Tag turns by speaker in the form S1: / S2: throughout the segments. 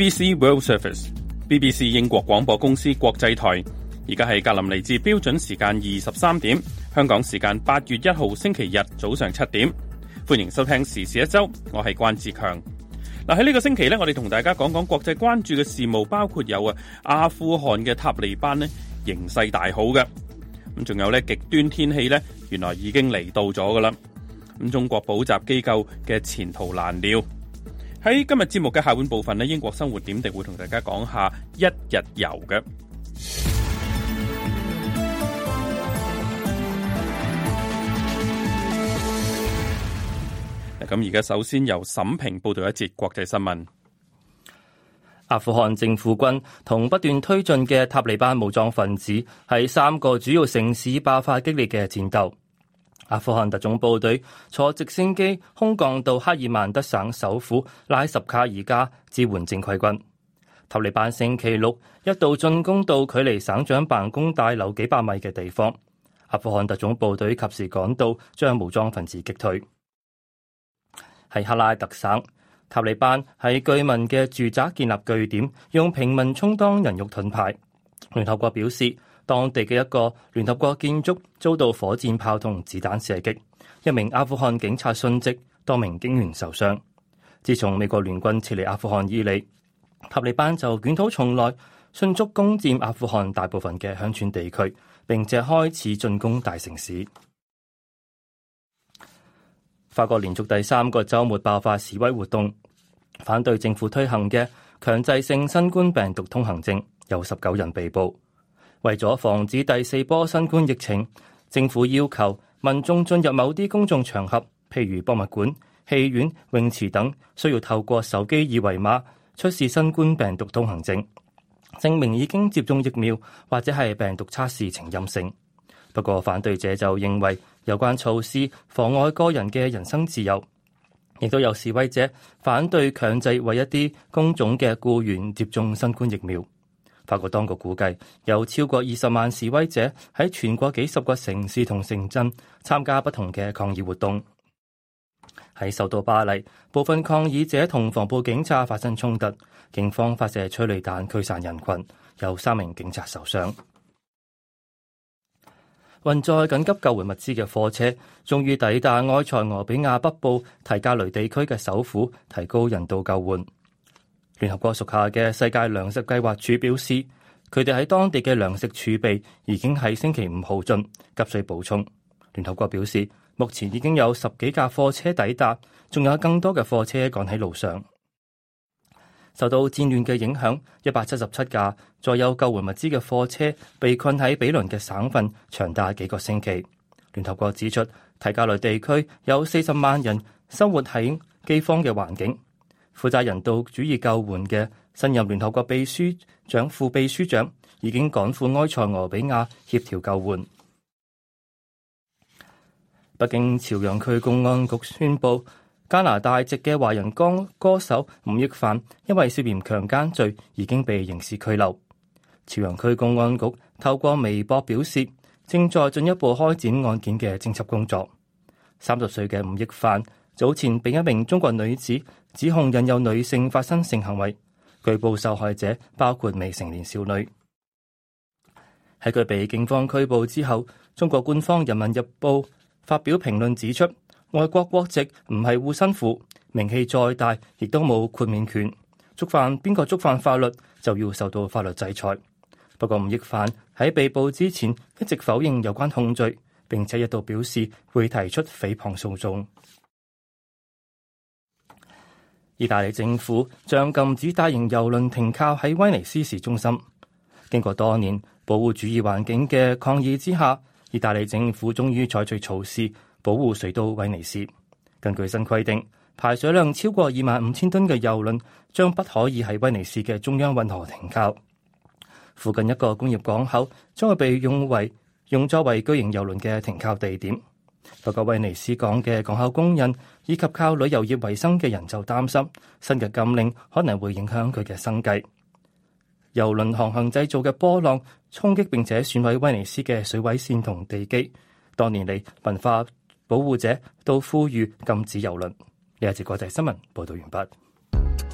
S1: BBC World Service，BBC 英國廣播公司國際台。而家係格林尼治標準時間二十三點，香港時間八月一號星期日早上七點。歡迎收聽時事一周，我係關志強。嗱喺呢個星期咧，我哋同大家講講國際關注嘅事務，包括有啊阿富汗嘅塔利班咧形勢大好嘅，咁仲有呢極端天氣咧原來已經嚟到咗噶啦。咁中國補習機構嘅前途難料。喺今日節目嘅下半部分呢，英國生活點滴會同大家講下一日遊嘅。咁而家首先由沈平報道一節國際新聞。阿富
S2: 汗政府軍同不斷推進嘅塔利班武裝分子喺三個主要城市爆發激烈嘅戰鬥。阿富汗特種部隊坐直升機空降到哈爾曼德省首府拉什卡爾加，支援正規軍。塔利班星期六一度進攻到距離省長辦公大樓幾百米嘅地方，阿富汗特種部隊及時趕到，將武裝分子擊退。喺克拉特省，塔利班喺居民嘅住宅建立據點，用平民充當人肉盾牌。聯合國表示。當地嘅一個聯合國建築遭到火箭炮同子彈射擊，一名阿富汗警察殉職，多名警員受傷。自從美國聯軍撤離阿富汗以嚟，塔利班就捲土重來，迅速攻佔阿富汗大部分嘅鄉村地區，並且開始進攻大城市。法國連續第三個週末爆發示威活動，反對政府推行嘅強制性新冠病毒通行證，有十九人被捕。為咗防止第四波新冠疫情，政府要求民眾進入某啲公眾場合，譬如博物館、戲院、泳池等，需要透過手機二維碼出示新冠病毒通行證，證明已經接種疫苗或者係病毒測試呈陰性。不過反對者就認為有關措施妨礙個人嘅人身自由，亦都有示威者反對強制為一啲工種嘅僱員接種新冠疫苗。法國當局估計有超過二十萬示威者喺全國幾十個城市同城鎮參加不同嘅抗議活動。喺首都巴黎，部分抗議者同防暴警察發生衝突，警方發射催淚彈驅散人群，有三名警察受傷。運載緊急救援物資嘅貨車終於抵達埃塞俄比亞北部提加雷地區嘅首府，提高人道救援。聯合國屬下嘅世界糧食計劃署表示，佢哋喺當地嘅糧食儲備已經喺星期五耗盡，急需補充。聯合國表示，目前已經有十幾架貨車抵達，仲有更多嘅貨車趕喺路上。受到戰亂嘅影響，一百七十七架載有救援物資嘅貨車被困喺比崙嘅省份長達幾個星期。聯合國指出，提格雷地區有四十萬人生活喺饑荒嘅環境。負責人道主義救援嘅新任聯合國秘書長副秘書長已經趕赴埃塞俄比亞協調救援。北京朝陽區公安局宣布，加拿大籍嘅華人歌歌手吳亦凡凡因為涉嫌強奸罪已經被刑事拘留。朝陽區公安局透過微博表示，正在進一步開展案件嘅偵緝工作。三十歲嘅吳亦凡凡。早前被一名中國女子指控引誘女性發生性行為，舉報受害者包括未成年少女。喺佢被警方拘捕之後，中國官方《人民日報》發表評論指出：外國國籍唔係護身符，名氣再大亦都冇豁免權。觸犯邊個觸犯法律，就要受到法律制裁。不過吳亦凡喺被捕之前一直否認有關控罪，並且一度表示會提出誹謗訴訟。意大利政府將禁止大型郵輪停靠喺威尼斯市中心。經過多年保護主義環境嘅抗議之下，意大利政府終於採取措施保護水都威尼斯。根據新規定，排水量超過二萬五千噸嘅郵輪將不可以喺威尼斯嘅中央運河停靠。附近一個工業港口將會被用為用作為巨型郵輪嘅停靠地點。不過威尼斯港嘅港口工人，以及靠旅遊業為生嘅人就擔心，新嘅禁令可能會影響佢嘅生計。郵輪航行製造嘅波浪衝擊並且損毀威尼斯嘅水位線同地基。多年嚟，文化保護者都呼籲禁止遊輪。呢一節國際新聞報道完畢。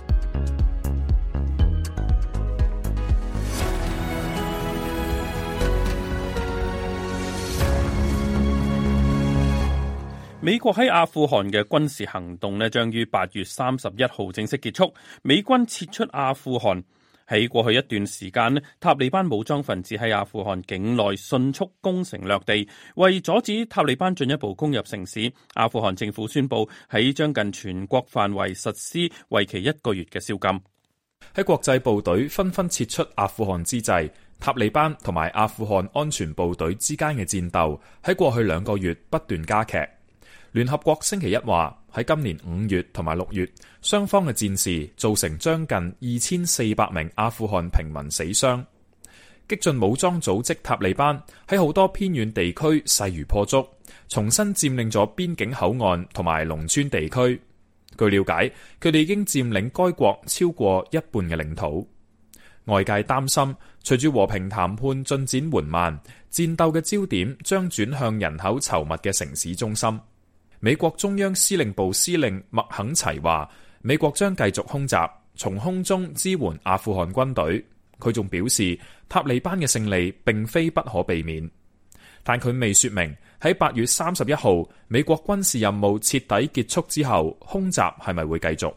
S1: 美國喺阿富汗嘅軍事行動呢，將於八月三十一號正式結束。美軍撤出阿富汗。喺過去一段時間呢，塔利班武裝分子喺阿富汗境內迅速攻城略地，為阻止塔利班進一步攻入城市，阿富汗政府宣布喺將近全國範圍實施為期一個月嘅宵禁。喺國際部隊
S3: 紛紛撤出阿富汗之際，塔利班同埋阿富汗安全部隊之間嘅戰鬥喺過去兩個月不斷加劇。聯合國星期一話，喺今年五月同埋六月，雙方嘅戰事造成將近二千四百名阿富汗平民死傷。激進武裝組織塔利班喺好多偏遠地區勢如破竹，重新佔領咗邊境口岸同埋農村地區。據了解，佢哋已經佔領該國超過一半嘅領土。外界擔心，隨住和平談判進展緩慢，戰鬥嘅焦點將轉向人口稠密嘅城市中心。美國中央司令部司令麥肯齊話：美國將繼續空襲，從空中支援阿富汗軍隊。佢仲表示，塔利班嘅勝利並非不可避免，但佢未說明喺八月三十一號美國軍事任務徹底結束之後，空襲係咪會繼續。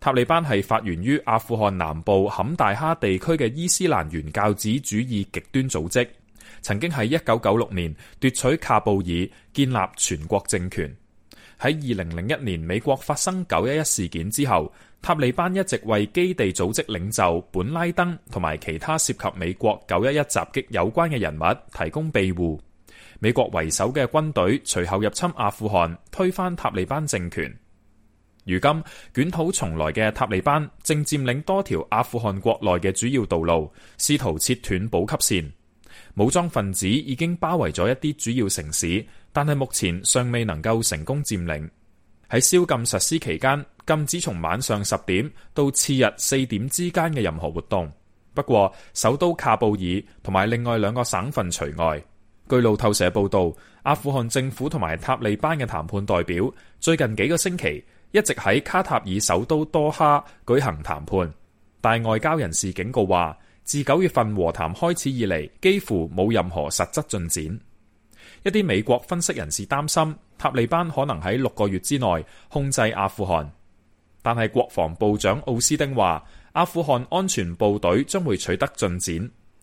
S3: 塔利班係發源於阿富汗南部坎大哈地區嘅伊斯蘭原教旨主義極端組織。曾經喺一九九六年奪取喀布爾，建立全國政權。喺二零零一年美國發生九一一事件之後，塔利班一直為基地組織領袖本拉登同埋其他涉及美國九一一襲擊有關嘅人物提供庇護。美國為首嘅軍隊隨後入侵阿富汗，推翻塔利班政權。如今卷土重來嘅塔利班正佔領多條阿富汗國內嘅主要道路，試圖切斷補給線。武裝分子已經包圍咗一啲主要城市，但係目前尚未能夠成功佔領。喺宵禁實施期間，禁止從晚上十點到次日四點之間嘅任何活動。不過，首都喀布爾同埋另外兩個省份除外。據路透社報導，阿富汗政府同埋塔利班嘅談判代表最近幾個星期一直喺卡塔爾首都多哈舉行談判。但外交人士警告話，自九月份和談開始以嚟，幾乎冇任何實質進展。一啲美國分析人士擔心塔利班可能喺六個月之內控制阿富汗，但係國防部長奧斯汀話：阿富汗安全部隊將會取得進展。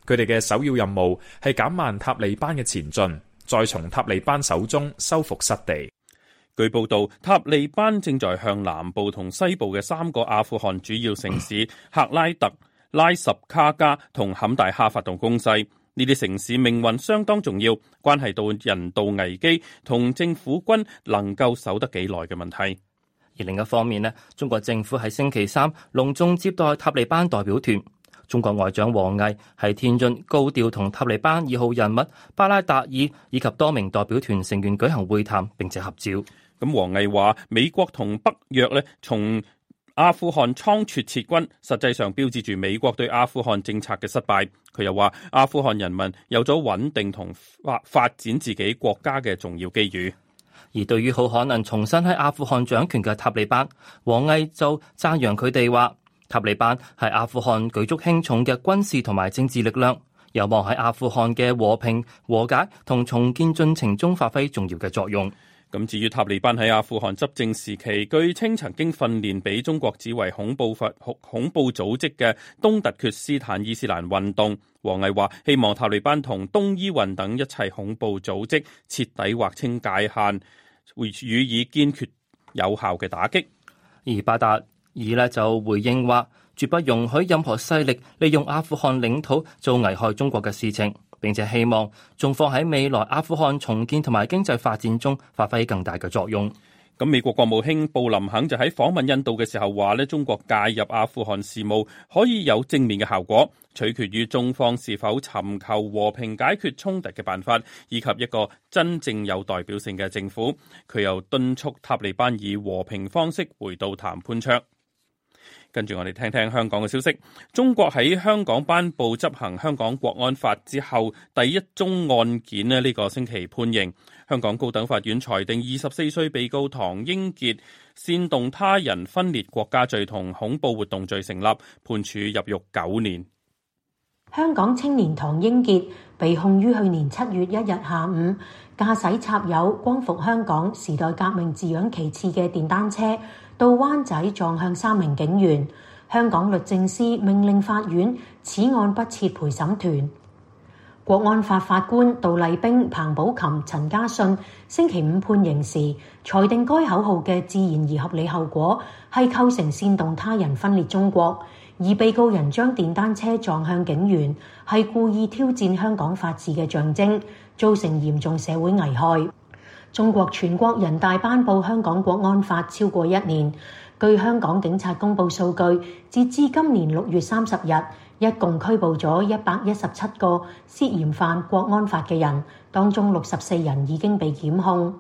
S3: 佢哋嘅首要任務係減慢塔利班嘅前
S1: 進，再從塔利班手中收復失地。據報道，塔利班正在向南部同西部嘅三個阿富汗主要城市 克拉特。拉什卡加同坎大哈發動攻勢，呢啲城市命運相當重要，關係到人道危機同政府軍能夠守得幾耐嘅問題。而另一方面呢，中國政府喺星期三隆重接待塔利班代表團。
S2: 中國外長王毅喺天津高調同塔利班二號人物巴拉達
S1: 爾以及多名代表團成員舉行會談，並且合照。咁王毅話，美國同北約呢，從阿富汗倉促撤軍，實際上標誌住美國對阿富汗政策嘅失敗。佢又話，阿富汗人民有咗穩定同發發展自己國家嘅重要機遇。而對於好可能重新喺阿富汗掌
S2: 權嘅塔利班，王毅就讚揚佢哋話：塔利班係阿富汗舉足輕重嘅軍事同埋政治力量，有望喺阿富汗嘅和平和解
S1: 同重建進程中發揮重要嘅作用。咁至於塔利班喺阿富汗執政時期，據稱曾經訓練俾中國指為恐怖佛恐怖組織嘅東突厥斯坦伊斯蘭運動，王毅話希望塔利班同東伊運等一切恐怖組織徹底劃清界限，會予以堅決有效嘅打擊。而巴達爾呢就回應話，絕不容許任何勢
S2: 力利用阿富汗領土做危害中國嘅事情。並且希望中方喺未
S1: 來阿富汗重建同埋經濟發展中發揮更大嘅作用。咁美國國務卿布林肯就喺訪問印度嘅時候話咧，中國介入阿富汗事務可以有正面嘅效果，取決於中方是否尋求和平解決衝突嘅辦法，以及一個真正有代表性嘅政府。佢又敦促塔利班以和平方式回到談判桌。跟住我哋聽聽香港嘅消息。中國喺香港頒布執行香港國安法之後，第一宗案件咧呢、呢個星期判刑。香港高等法院裁定，二十四歲被告唐英傑煽動他人分裂國家罪同恐怖活動罪成立，判處入獄九年。
S4: 香港青年唐英傑被控於去年七月一日下午駕駛插有“光復香港”時代革命字樣旗幟嘅電單車，到灣仔撞向三名警員，香港律政司命令法院此案不設陪審團。國安法法官杜麗冰、彭寶琴、陳嘉信星期五判刑時裁定，該口號嘅自然而合理後果係構成煽動他人分裂中國，而被告人將電單車撞向警員係故意挑戰香港法治嘅象徵，造成嚴重社會危害。中國全國人大頒布香港國安法超過一年，據香港警察公布數據，截至今年六月三十日，一共拘捕咗一百一十七個涉嫌犯國安法嘅人，當中六十四人已經被檢控。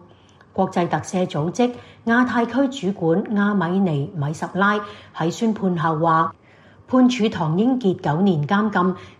S4: 國際特赦組織亞太區主管阿米尼米什拉喺宣判後話：判處唐英傑九年監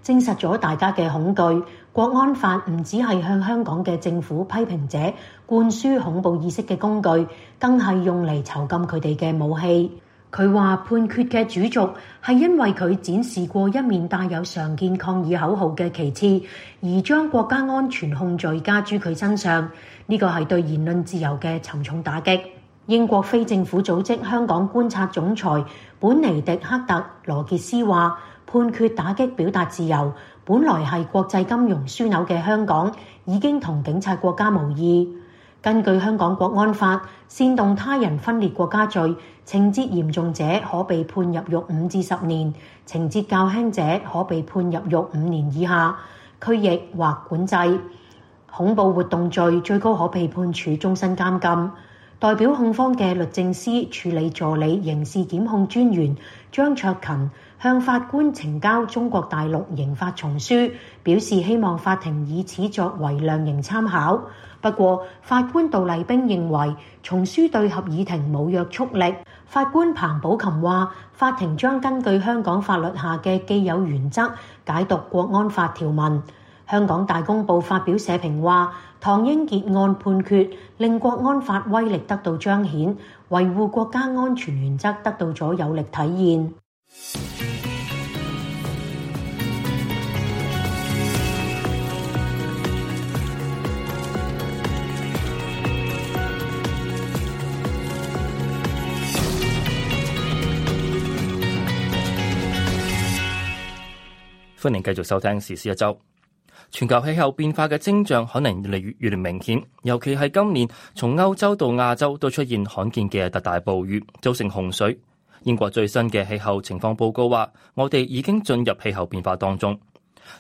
S4: 禁，證實咗大家嘅恐懼。國安法唔只係向香港嘅政府批評者灌輸恐怖意識嘅工具，更係用嚟囚禁佢哋嘅武器。佢話判決嘅主軸係因為佢展示過一面帶有常見抗議口號嘅旗幟，而將國家安全控罪加諸佢身上。呢個係對言論自由嘅沉重打擊。英國非政府組織香港觀察總裁本尼迪克特羅傑斯話：判決打擊表達自由。本來係國際金融樞紐嘅香港，已經同警察國家無異。根據香港國安法，煽動他人分裂國家罪，情節嚴重者可被判入獄五至十年；情節較輕者可被判入獄五年以下，拘役或管制。恐怖活動罪最高可被判處終身監禁。代表控方嘅律政司處理助理刑事檢控專員張卓勤。向法官呈交中國大陸刑法叢書，表示希望法庭以此作為量刑參考。不過法官杜麗冰認為叢書對合議庭冇約束力。法官彭寶琴話法庭將根據香港法律下嘅既有原則解讀國安法條文。香港大公報發表社評話唐英傑案判決令國安法威力得到彰顯，維護國家安全原則得到咗有力體現。
S2: 歡迎繼續收聽時事一周。全球氣候變化嘅徵象可能越嚟越越來明顯，尤其係今年從歐洲到亞洲都出現罕見嘅特大暴雨，造成洪水。英國最新嘅氣候情況報告話，我哋已經進入氣候變化當中。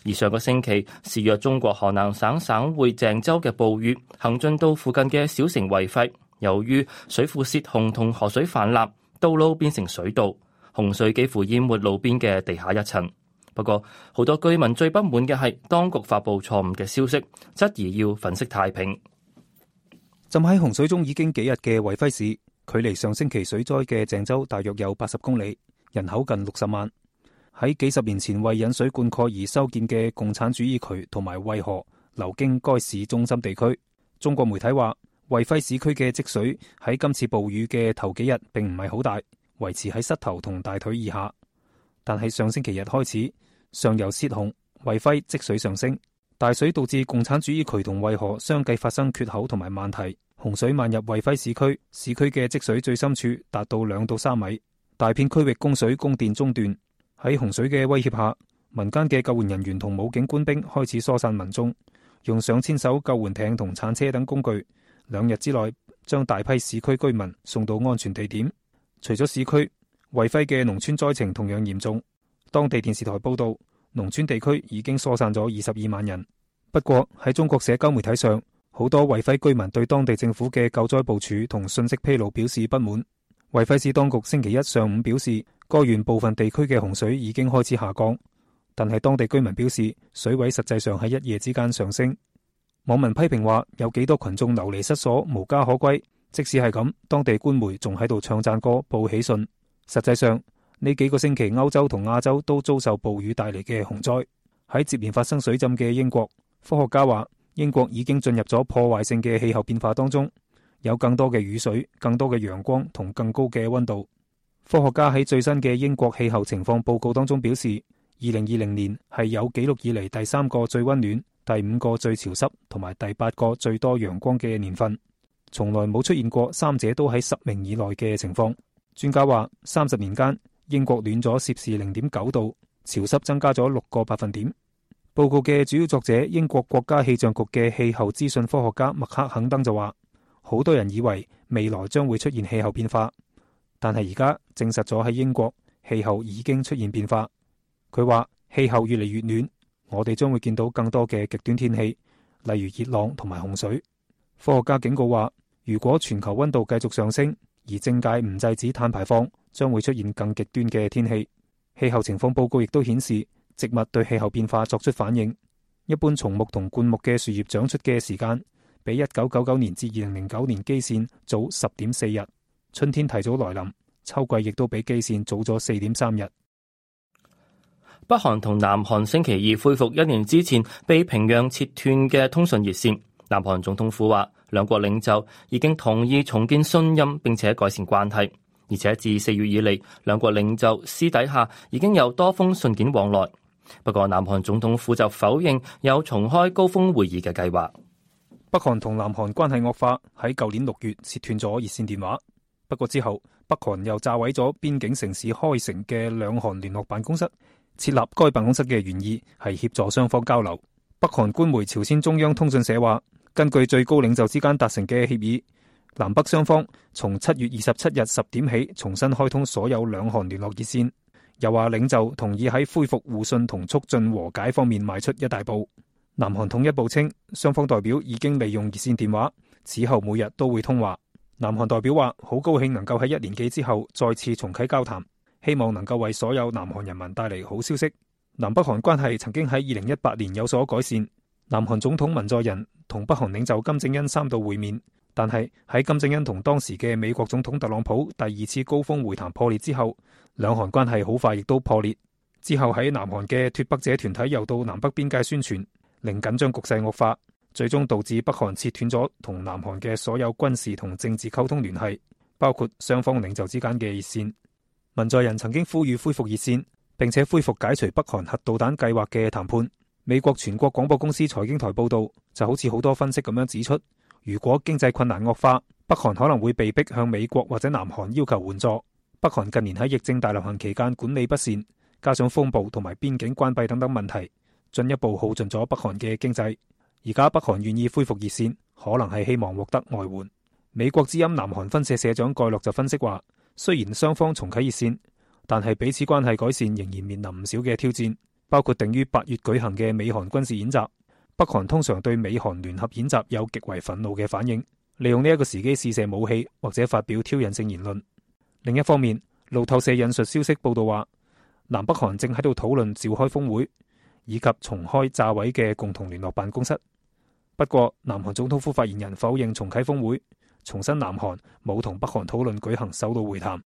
S2: 而上個星期，肆虐中國河南省省會鄭州嘅暴雨行進到附近嘅小城衛輝，由於水庫洩洪同河水泛濫，道路變成水道，洪水幾乎淹沒路邊嘅地下一層。不過，好多居民最不滿嘅係當局發布錯誤嘅消息，質疑要
S5: 粉飾太平。浸喺洪水中已經幾日嘅衛輝市，距離上星期水災嘅鄭州大約有八十公里，人口近六十萬。喺幾十年前為引水灌溉而修建嘅共產主義渠同埋衛河流經該市中心地區。中國媒體話，衛輝市區嘅積水喺今次暴雨嘅頭幾日並唔係好大，維持喺膝頭同大腿以下。但係上星期日開始，上游洩洪，衛輝積水上升，大水導致共產主義渠同衛河相繼發生缺口同埋漫堤，洪水漫入衛輝市區，市區嘅積水最深處達到兩到三米，大片區域供水供電中斷。喺洪水嘅威脅下，民間嘅救援人員同武警官兵開始疏散民眾，用上千艘救援艇同鏟車等工具，兩日之內將大批市區居民送到安全地點。除咗市區，衛輝嘅農村災情同樣嚴重。當地電視台報道，農村地區已經疏散咗二十二萬人。不過喺中國社交媒體上，好多衛輝居民對當地政府嘅救災部署同信息披露表示不滿。衛輝市當局星期一上午表示，該縣部分地區嘅洪水已經開始下降，但係當地居民表示水位實際上喺一夜之間上升。網民批評話，有幾多群眾流離失所、無家可歸。即使係咁，當地官媒仲喺度唱讚歌、報喜訊。實際上呢幾個星期，歐洲同亞洲都遭受暴雨帶嚟嘅洪災。喺接連發生水浸嘅英國，科學家話英國已經進入咗破壞性嘅氣候變化當中，有更多嘅雨水、更多嘅陽光同更高嘅溫度。科學家喺最新嘅英國氣候情況報告當中表示，二零二零年係有紀錄以嚟第三個最溫暖、第五個最潮濕同埋第八個最多陽光嘅年份，從來冇出現過三者都喺十名以內嘅情況。專家話，三十年間，英國暖咗攝氏零點九度，潮濕增加咗六個百分點。報告嘅主要作者、英國國家氣象局嘅氣候資訊科學家麥克肯登就話，好多人以為未來將會出現氣候變化，但係而家證實咗喺英國氣候已經出現變化。佢話氣候越嚟越暖，我哋將會見到更多嘅極端天氣，例如熱浪同埋洪水。科學家警告話，如果全球温度繼續上升。而政界唔制止碳排放，將會出現更極端嘅天氣。氣候情況報告亦都顯示，植物對氣候變化作出反應。一般松木同灌木嘅樹葉長出嘅時間，比一九九九年至二零零九年基線早十點四日，春天提早來臨，秋季亦都比基線早咗四點三日。
S4: 北
S2: 韓同南韓星期二恢復一年之前被平壤切斷嘅通訊熱線。南韓總統府話。兩國領袖已經同意重建信任並且改善關係，而且自四月以嚟，兩國領袖私底下已經有多封信件往來。不過，南韓總統負責否認有重開高峰會議嘅計劃。
S5: 北韓同南韓關係惡化，喺舊年六月切斷咗熱線電話，不過之後北韓又炸毀咗邊境城市開城嘅兩韓聯絡辦公室。設立該辦公室嘅原意係協助雙方交流。北韓官媒朝鮮中央通訊社話。根據最高領袖之間達成嘅協議，南北雙方從七月二十七日十點起重新開通所有兩韓聯絡熱線。又話領袖同意喺恢復互信同促進和解方面邁出一大步。南韓統一部稱，雙方代表已經利用熱線電話，此後每日都會通話。南韓代表話好高興能夠喺一年幾之後再次重啟交談，希望能夠為所有南韓人民帶嚟好消息。南北韓關係曾經喺二零一八年有所改善。南韓總統文在寅同北韓領袖金正恩三度會面，但係喺金正恩同當時嘅美國總統特朗普第二次高峰會談破裂之後，兩韓關係好快亦都破裂。之後喺南韓嘅脫北者團體又到南北邊界宣傳，令緊張局勢惡化，最終導致北韓切斷咗同南韓嘅所有軍事同政治溝通聯繫，包括雙方領袖之間嘅熱線。文在寅曾經呼籲恢復熱線，並且恢復解除北韓核導彈計劃嘅談判。美國全國廣播公司財經台報道，就好似好多分析咁樣指出，如果經濟困難惡化，北韓可能會被逼向美國或者南韓要求援助。北韓近年喺疫症大流行期間管理不善，加上風暴同埋邊境關閉等等問題，進一步耗盡咗北韓嘅經濟。而家北韓願意恢復熱線，可能係希望獲得外援。美國之音南韓分社社長蓋洛就分析話，雖然雙方重啟熱線，但係彼此關係改善仍然面臨唔少嘅挑戰。包括定於八月舉行嘅美韓軍事演習，北韓通常對美韓聯合演習有極為憤怒嘅反應，利用呢一個時機試射武器或者發表挑釁性言論。另一方面，路透社引述消息報道話，南北韓正喺度討論召開峰會以及重開炸毀嘅共同聯絡辦公室。不過，南韓總統府發言人否認重啟峰會，重申南韓冇同北韓討論舉行首度會談。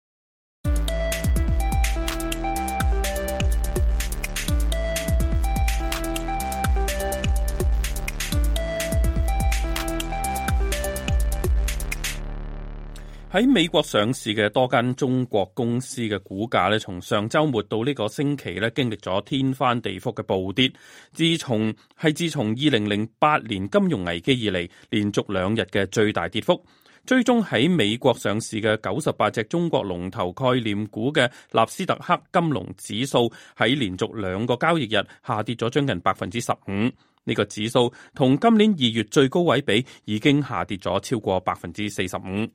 S1: 喺美國上市嘅多間中國公司嘅股價咧，從上周末到呢個星期咧，經歷咗天翻地覆嘅暴跌。自從係自從二零零八年金融危機以嚟，連續兩日嘅最大跌幅。最終喺美國上市嘅九十八隻中國龍頭概念股嘅納斯達克金龍指數喺連續兩個交易日下跌咗將近百分之十五。呢、這個指數同今年二月最高位比，已經下跌咗超過百分之四十五。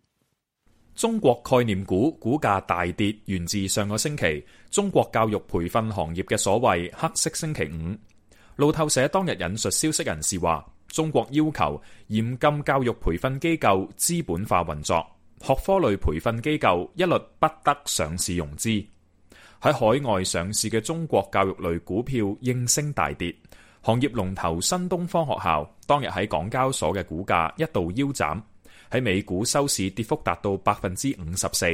S1: 中國概念股
S3: 股價大跌，源自上個星期中國教育培訓行業嘅所謂黑色星期五。路透社當日引述消息人士話，中國要求嚴禁教育培訓機構資本化運作，學科類培訓機構一律不得上市融資。喺海外上市嘅中國教育類股票應聲大跌，行業龍頭新東方學校當日喺港交所嘅股價一度腰斬。喺美股收市跌，跌幅達到百分之五十四。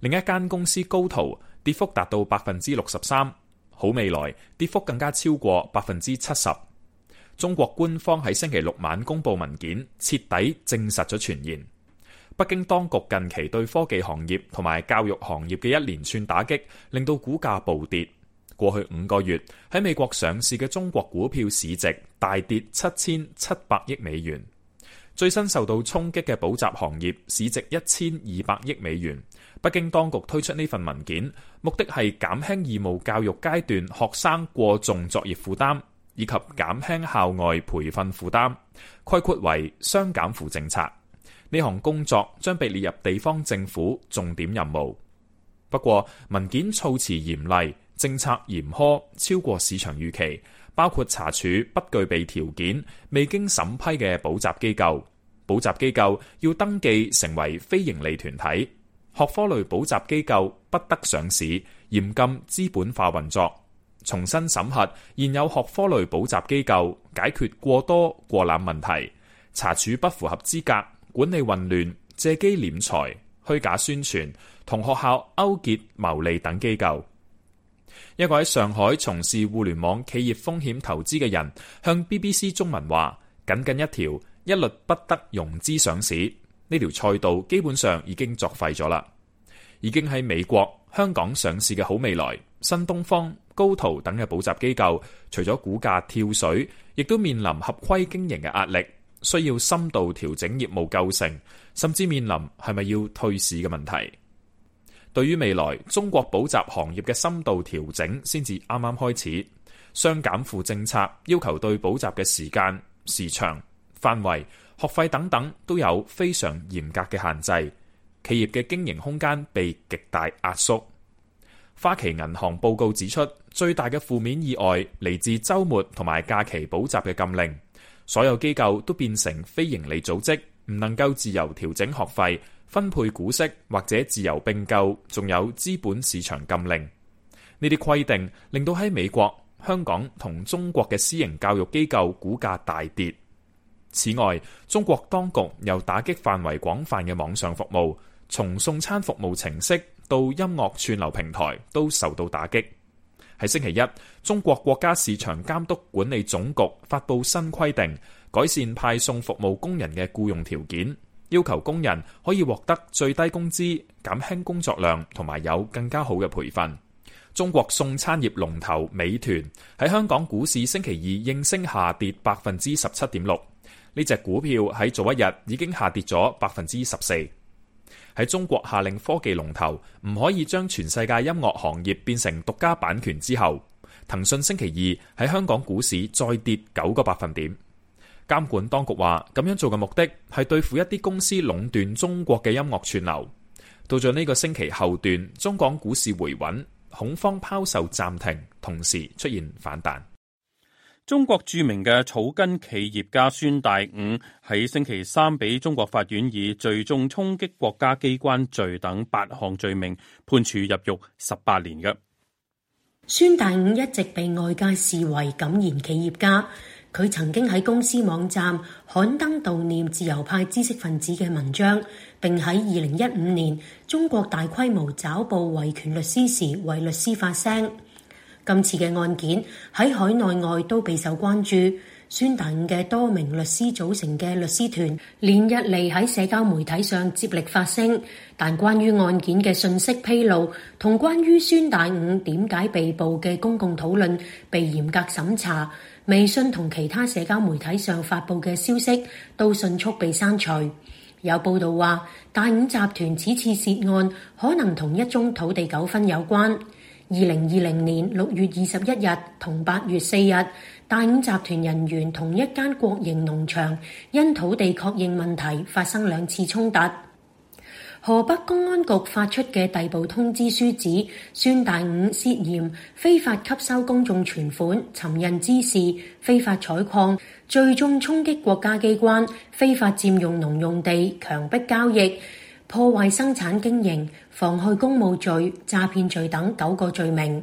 S3: 另一間公司高途跌幅達到百分之六十三，好未來跌幅更加超過百分之七十。中國官方喺星期六晚公布文件，徹底證實咗傳言。北京當局近期對科技行業同埋教育行業嘅一連串打擊，令到股價暴跌。過去五個月喺美國上市嘅中國股票市值大跌七千七百億美元。最新受到衝擊嘅補習行業，市值一千二百億美元。北京當局推出呢份文件，目的係減輕義務教育階段學生過重作業負擔，以及減輕校外培訓負擔，概括為雙減負政策。呢項工作將被列入地方政府重點任務。不過，文件措辭嚴厲，政策嚴苛，超過市場預期。包括查處不具備條件、未經審批嘅補習機構；補習機構要登記成為非盈利團體；學科類補習機構不得上市，嚴禁資本化運作；重新審核現有學科類補習機構，解決過多過濫問題；查處不符合資格、管理混亂、借機斂財、虛假宣傳同學校勾結牟利等機構。一個喺上海從事互聯網企業風險投資嘅人向 BBC 中文話：僅僅一條一律不得融資上市，呢條賽道基本上已經作廢咗啦。已經喺美國、香港上市嘅好未來、新東方、高途等嘅補習機構，除咗股價跳水，亦都面臨合規經營嘅壓力，需要深度調整業務構成，甚至面臨係咪要退市嘅問題。對於未來中國補習行業嘅深度調整，先至啱啱開始。雙減負政策要求對補習嘅時間、時長、範圍、學費等等都有非常嚴格嘅限制，企業嘅經營空間被極大壓縮。花旗銀行報告指出，最大嘅負面意外嚟自週末同埋假期補習嘅禁令，所有機構都變成非營利組織，唔能夠自由調整學費。分配股息或者自由併購，仲有資本市場禁令呢啲規定，令到喺美國、香港同中國嘅私營教育機構股價大跌。此外，中國當局又打擊範圍廣泛嘅網上服務，從送餐服務程式到音樂串流平台都受到打擊。喺星期一，中國國家市場監督管理總局發布新規定，改善派送服務工人嘅僱傭條件。要求工人可以獲得最低工資、減輕工作量同埋有更加好嘅培訓。中國送餐業龍頭美團喺香港股市星期二應聲下跌百分之十七點六，呢隻股票喺早一日已經下跌咗百分之十四。喺中國下令科技龍頭唔可以將全世界音樂行業變成獨家版權之後，騰訊星期二喺香港股市再跌九個百分點。監管當局話，咁樣做嘅目的係對付一啲公司壟斷中國嘅音樂串流。到咗呢個星期後段，中港股市回穩，恐慌拋售暫停，同時出現
S1: 反彈。中國著名嘅草根企業家孫大午喺星期三俾中國法院以聚眾衝擊國家機關罪等八項罪名判處入獄十八年嘅。
S4: 孫大午一直被外界視為敢言企業家。佢曾經喺公司網站刊登悼念自由派知識分子嘅文章，並喺二零一五年中國大規模抓捕維權律師時為律師發聲。今次嘅案件喺海內外都備受關注，孫大午嘅多名律師組成嘅律師團連日嚟喺社交媒體上接力發聲，但關於案件嘅信息披露同關於孫大午點解被捕嘅公共討論被嚴格審查。微信同其他社交媒體上發布嘅消息都迅速被刪除。有報道話，大午集團此次涉案可能同一宗土地糾紛有關。二零二零年六月二十一日同八月四日，大午集團人員同一間國營農場因土地確認問題發生兩次衝突。.河北公安局發出嘅逮捕通知書指，孫大午涉嫌非法吸收公眾存款、尋釁滋事、非法採礦、聚眾衝擊國家機關、非法佔用農用地、強迫交易、破壞生產經營、妨害公務罪、詐騙罪等九個罪名。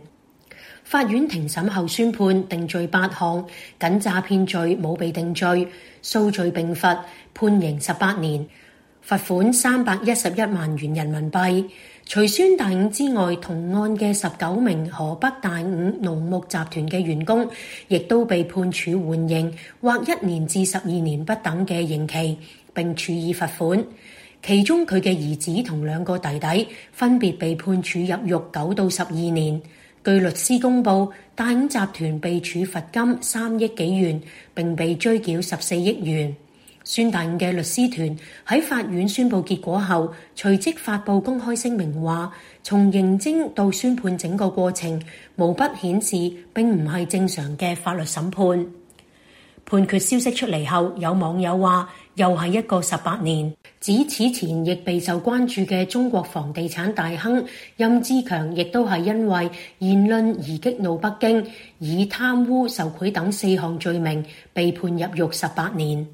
S4: 法院庭審後宣判定罪八項，僅詐騙罪冇被定罪，數罪併罰，判刑十八年。罰款三百一十一萬元人民幣。除孫大午之外，同案嘅十九名河北大午農牧集團嘅員工，亦都被判處緩刑或一年至十二年不等嘅刑期，並處以罰款。其中佢嘅兒子同兩個弟弟分別被判處入獄九到十二年。據律師公佈，大午集團被處罰金三億幾元，並被追繳十四億元。孫大午嘅律師團喺法院宣佈結果後，隨即發布公開聲明，話從刑偵到宣判整個過程無不顯示並唔係正常嘅法律審判。判決消息出嚟後，有網友話又係一個十八年。指此前亦備受關注嘅中國房地產大亨任志強，亦都係因為言論而激怒北京，以貪污、受賄等四項罪名被判入獄十八年。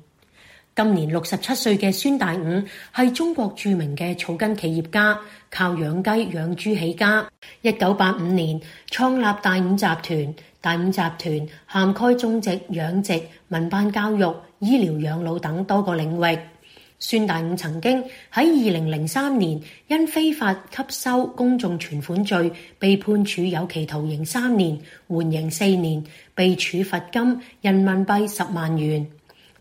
S4: 今年六十七歲嘅孫大午係中國著名嘅草根企業家，靠養雞養豬起家。一九八五年創立大午集團，大午集團涵蓋種植、養殖、民辦教育、醫療、養老等多個領域。孫大午曾經喺二零零三年因非法吸收公眾存款罪被判處有期徒刑三年，緩刑四年，被處罰金人民幣十萬元。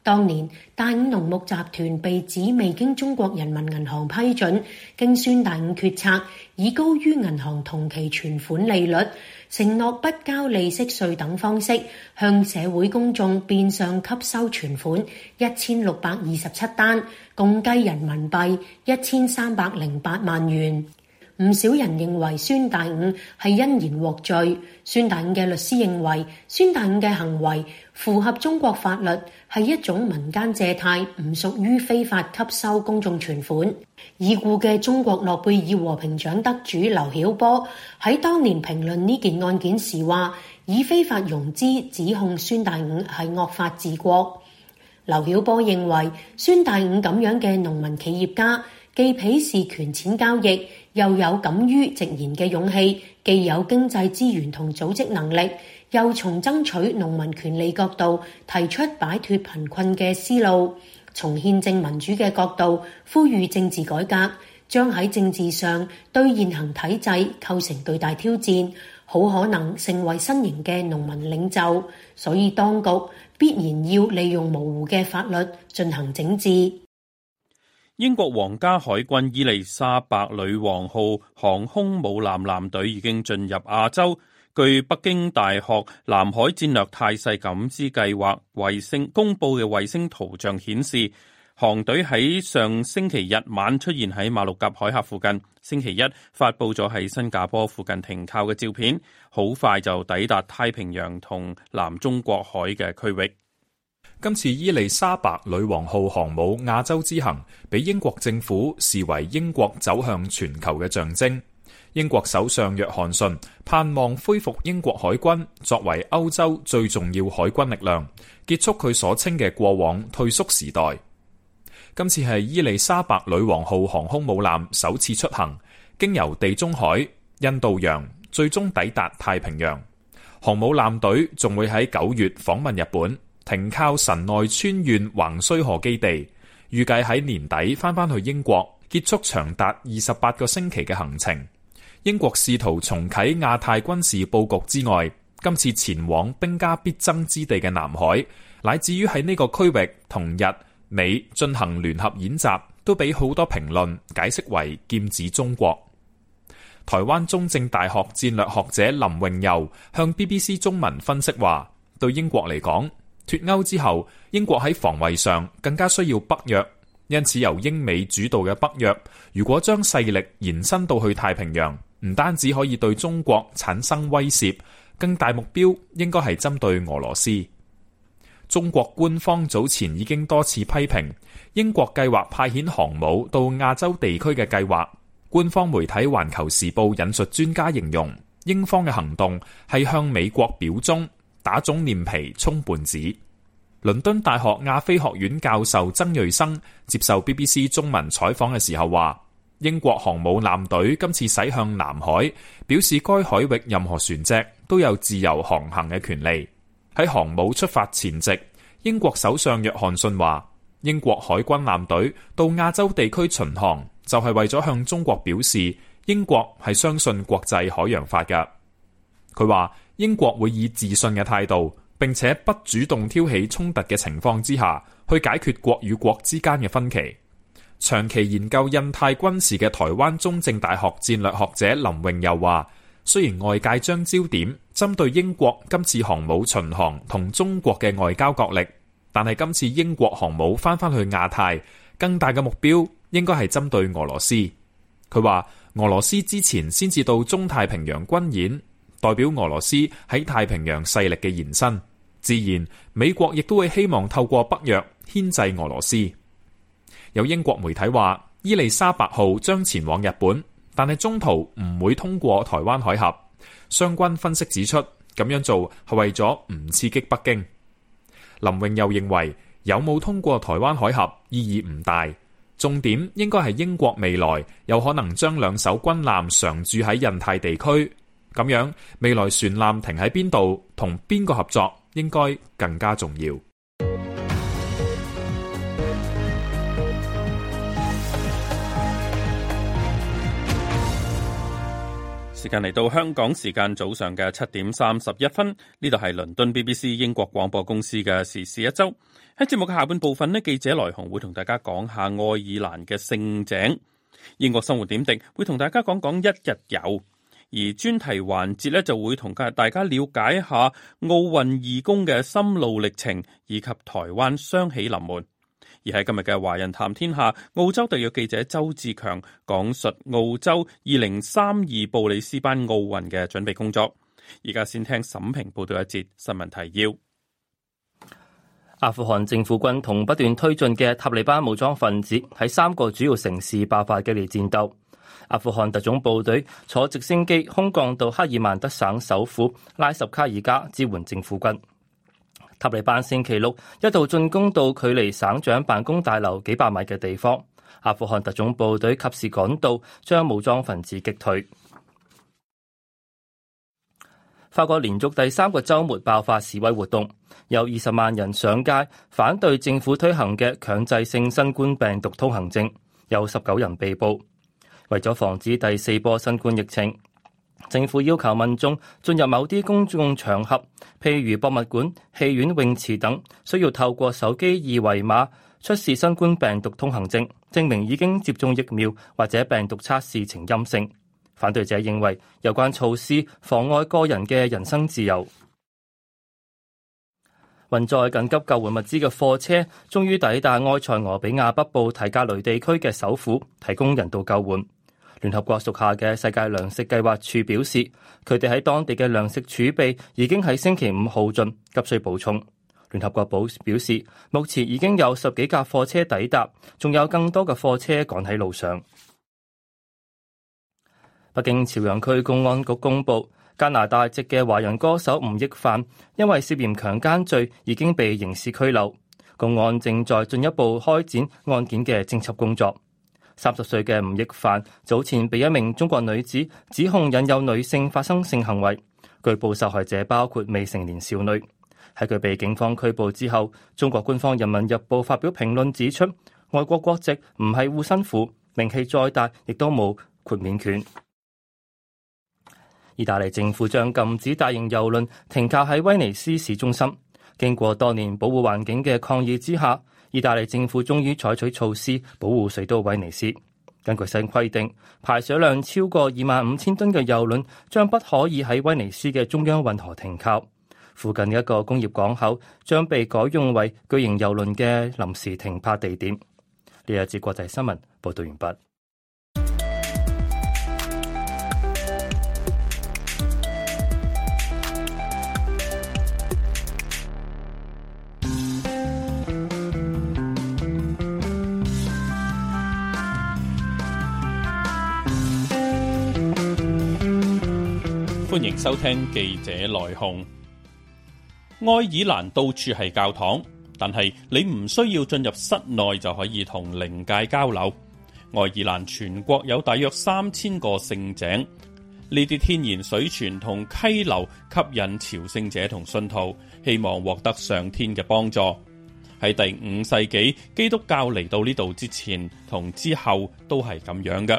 S4: 當年大五農牧集團被指未經中國人民銀行批准，經孫大五決策，以高於銀行同期存款利率、承諾不交利息稅等方式，向社會公眾變相吸收存款一千六百二十七單，共計人民幣一千三百零八萬元。唔少人認為孫大午係因言獲罪。孫大午嘅律師認為，孫大午嘅行為符合中國法律，係一種民間借貸，唔屬於非法吸收公眾存款。已故嘅中國諾貝爾和平獎得主劉曉波喺當年評論呢件案件時話：以非法融資指控孫大午係惡法治國。劉曉波認為，孫大午咁樣嘅農民企業家，既鄙視權錢交易，又有敢於直言嘅勇氣，既有經濟資源同組織能力，又從爭取農民權利角度提出擺脫貧困嘅思路，從憲政民主嘅角度呼籲政治改革，將喺政治上對現行體制構成巨大挑戰，好可能成為新型嘅農民領袖，所以當局必然要利用模糊嘅法律進行整治。
S1: 英國皇家海軍伊麗莎白女王號航空母艦艦隊已經進入亞洲。據北京大學南海戰略態勢感知計劃衛星公布嘅衛星圖像顯示，航隊喺上星期日晚出現喺馬六甲海峽附近，星期一發佈咗喺新加坡附近停靠嘅照片，好快就抵達太平洋同南中國海嘅區域。今次伊麗莎白女王號航母
S3: 亞洲之行，俾英國政府視為英國走向全球嘅象徵。英國首相約翰遜盼望恢復英國海軍作為歐洲最重要海軍力量，結束佢所稱嘅過往退縮時代。今次係伊麗莎白女王號航空母艦首次出行，經由地中海、印度洋，最終抵達太平洋。航母艦隊仲會喺九月訪問日本。停靠神奈川縣橫須賀基地，預計喺年底翻返去英國結束長達二十八個星期嘅行程。英國試圖重啟亞太軍事布局之外，今次前往兵家必爭之地嘅南海，乃至於喺呢個區域同日美進行聯合演習，都俾好多評論解釋為劍指中國。台灣中正大學戰略學者林榮游向 BBC 中文分析話，對英國嚟講。脱歐之後，英國喺防衛上更加需要北約，因此由英美主導嘅北約，如果將勢力延伸到去太平洋，唔單止可以對中國產生威懾，更大目標應該係針對俄羅斯。中國官方早前已經多次批評英國計劃派遣航母到亞洲地區嘅計劃。官方媒體《環球時報》引述專家形容，英方嘅行動係向美國表忠。打腫臉皮充胖子。倫敦大學亞非學院教授曾瑞生接受 BBC 中文採訪嘅時候話：英國航母艦隊今次駛向南海，表示該海域任何船隻都有自由航行嘅權利。喺航母出發前夕，英國首相約翰遜話：英國海軍艦隊到亞洲地區巡航，就係為咗向中國表示英國係相信國際海洋法㗎。佢話英國會以自信嘅態度，並且不主動挑起衝突嘅情況之下，去解決國與國之間嘅分歧。長期研究印太軍事嘅台灣中正大學戰略學者林榮又話，雖然外界將焦點針對英國今次航母巡航同中國嘅外交角力，但係今次英國航母翻返去亞太，更大嘅目標應該係針對俄羅斯。佢話：俄羅斯之前先至到中太平洋軍演，代表俄羅斯喺太平洋勢力嘅延伸，自然美國亦都會希望透過北約牽制俄羅斯。有英國媒體話，伊麗莎白號將前往日本，但係中途唔會通過台灣海峽。相關分析指出，咁樣做係為咗唔刺激北京。林穎又認為，有冇通過台灣海峽意義唔大，重點應該係英國未來有可能將兩艘軍艦常駐喺印太地區。咁樣，未來船艦停喺邊度，同邊個合作，應該更加重要。
S1: 時間嚟到香港時間早上嘅七點三十一分，呢度係倫敦 BBC 英國廣播公司嘅時事一周。喺節目嘅下半部分呢，記者來鴻會同大家講下愛爾蘭嘅聖井，英國生活點滴會同大家講講一日遊。而專題環節咧，就會同大家了解一下奧運義工嘅心路歷程，以及台灣雙喜臨門。而喺今日嘅《華人談天下》，澳洲特約記者周志強講述澳洲二零三二布里斯班奧運嘅準備工作。而家先聽沈平報道一節新聞提要。阿富汗政府軍同不斷推進嘅塔利班
S2: 武裝分子喺三個主要城市爆發激烈戰鬥。阿富汗特種部隊坐直升機空降到赫爾曼德省首府拉什卡爾加支援政府軍。塔利班星期六一度進攻到距離省長辦公大樓幾百米嘅地方，阿富汗特種部隊及時趕到將武裝分子擊退。法國連續第三個周末爆發示威活動，有二十萬人上街反對政府推行嘅強制性新冠病毒通行證，有十九人被捕。為咗防止第四波新冠疫情，政府要求民眾進入某啲公眾場合，譬如博物館、戲院、泳池等，需要透過手機二維碼出示新冠病毒通行證，證明已經接種疫苗或者病毒測試呈陰性。反對者認為有關措施妨礙個人嘅人身自由。運載緊急救援物資嘅貨車終於抵達埃塞俄比亞北部提格雷地區嘅首府，提供人道救援。聯合國屬下嘅世界糧食計劃處表示，佢哋喺當地嘅糧食儲備已經喺星期五耗盡，急需補充。聯合國保表示，目前已經有十幾架貨車抵達，仲有更多嘅貨車趕喺路上。北京朝陽區公安局公布，加拿大籍嘅華人歌手吳亦凡，因為涉嫌強姦罪，已經被刑事拘留，公安正在進一步開展案件嘅偵查工作。三十歲嘅吳亦凡早前被一名中國女子指控引誘女性發生性行為，據報受害者包括未成年少女。喺佢被警方拘捕之後，中國官方《人民日報》發表評論指出，外國國籍唔係護身符，名氣再大亦都冇豁免權。意大利政府將禁止大型郵輪停靠喺威尼斯市中心。經過多年保護環境嘅抗議之下，意大利政府終於採取措施保護水都威尼斯。根據新規定，排水量超過二萬五千噸嘅郵輪將不可以喺威尼斯嘅中央運河停靠。附近一個工業港口將被改用為巨型郵輪嘅臨時停泊地點。呢一節國際新聞報道完畢。
S1: 歡迎收聽記者來鴻。愛爾蘭到處係教堂，但係你唔需要進入室內就可以同靈界交流。愛爾蘭全國有大約三千個聖井，呢啲天然水泉同溪流吸引朝聖者同信徒，希望獲得上天嘅幫助。喺第五世紀基督教嚟到呢度之前同之後都係咁樣嘅。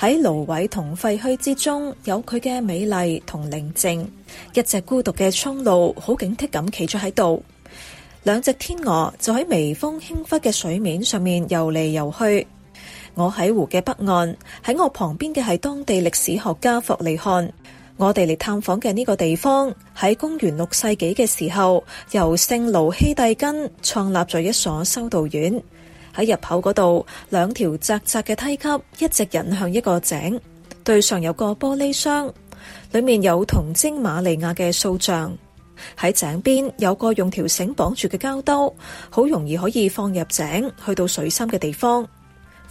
S6: 喺蘆葦同廢墟之中，有佢嘅美麗同寧靜。一隻孤獨嘅蒼鷺，好警惕咁企咗喺度。兩隻天鵝就喺微風輕忽嘅水面上面游嚟游去。我喺湖嘅北岸，喺我旁邊嘅係當地歷史學家霍利漢。我哋嚟探訪嘅呢個地方，喺公元六世紀嘅時候，由聖勞希蒂根創立咗一所修道院。喺入口嗰度，兩條窄窄嘅梯級一直引向一個井，對上有個玻璃箱，裏面有銅精瑪利亞嘅塑像。喺井邊有個用條繩綁住嘅膠兜，好容易可以放入井去到水深嘅地方。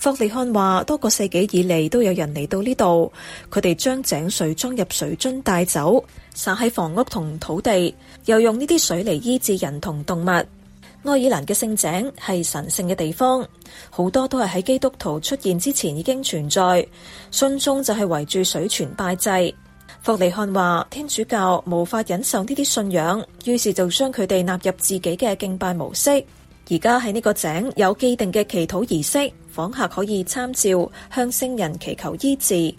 S6: 霍利漢話，多個世紀以嚟都有人嚟到呢度，佢哋將井水裝入水樽帶走，撒喺房屋同土地，又用呢啲水嚟醫治人同動物。愛爾蘭嘅聖井係神聖嘅地方，好多都係喺基督徒出現之前已經存在。信眾就係圍住水泉拜祭。霍利漢話：天主教無法忍受呢啲信仰，於是就將佢哋納入自己嘅敬拜模式。而家喺呢個井有既定嘅祈禱儀式，訪客可以參照，向聖人祈求醫治。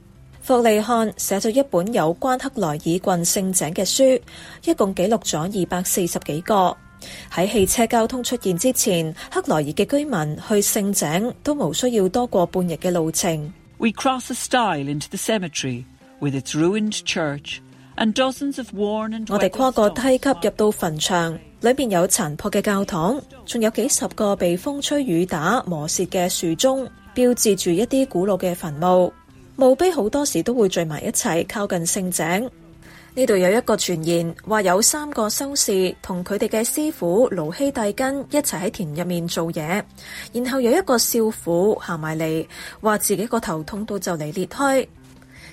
S6: 霍利漢寫咗一本有關克萊爾郡聖井嘅書，一共記錄咗二百四十幾個。喺汽車交通出現之前，克萊爾嘅居民去聖井都無需要多過半日嘅路程。我哋跨過梯級入到墳場，裏面有殘破嘅教堂，仲有幾十個被風吹雨打磨蝕嘅樹樁，標誌住一啲古老嘅墳墓。墓碑好多時都會聚埋一齊，靠近聖井。呢度有一個傳言，話有三個修士同佢哋嘅師傅盧希帝根一齊喺田入面做嘢，然後有一個少婦行埋嚟，話自己個頭痛到就嚟裂開，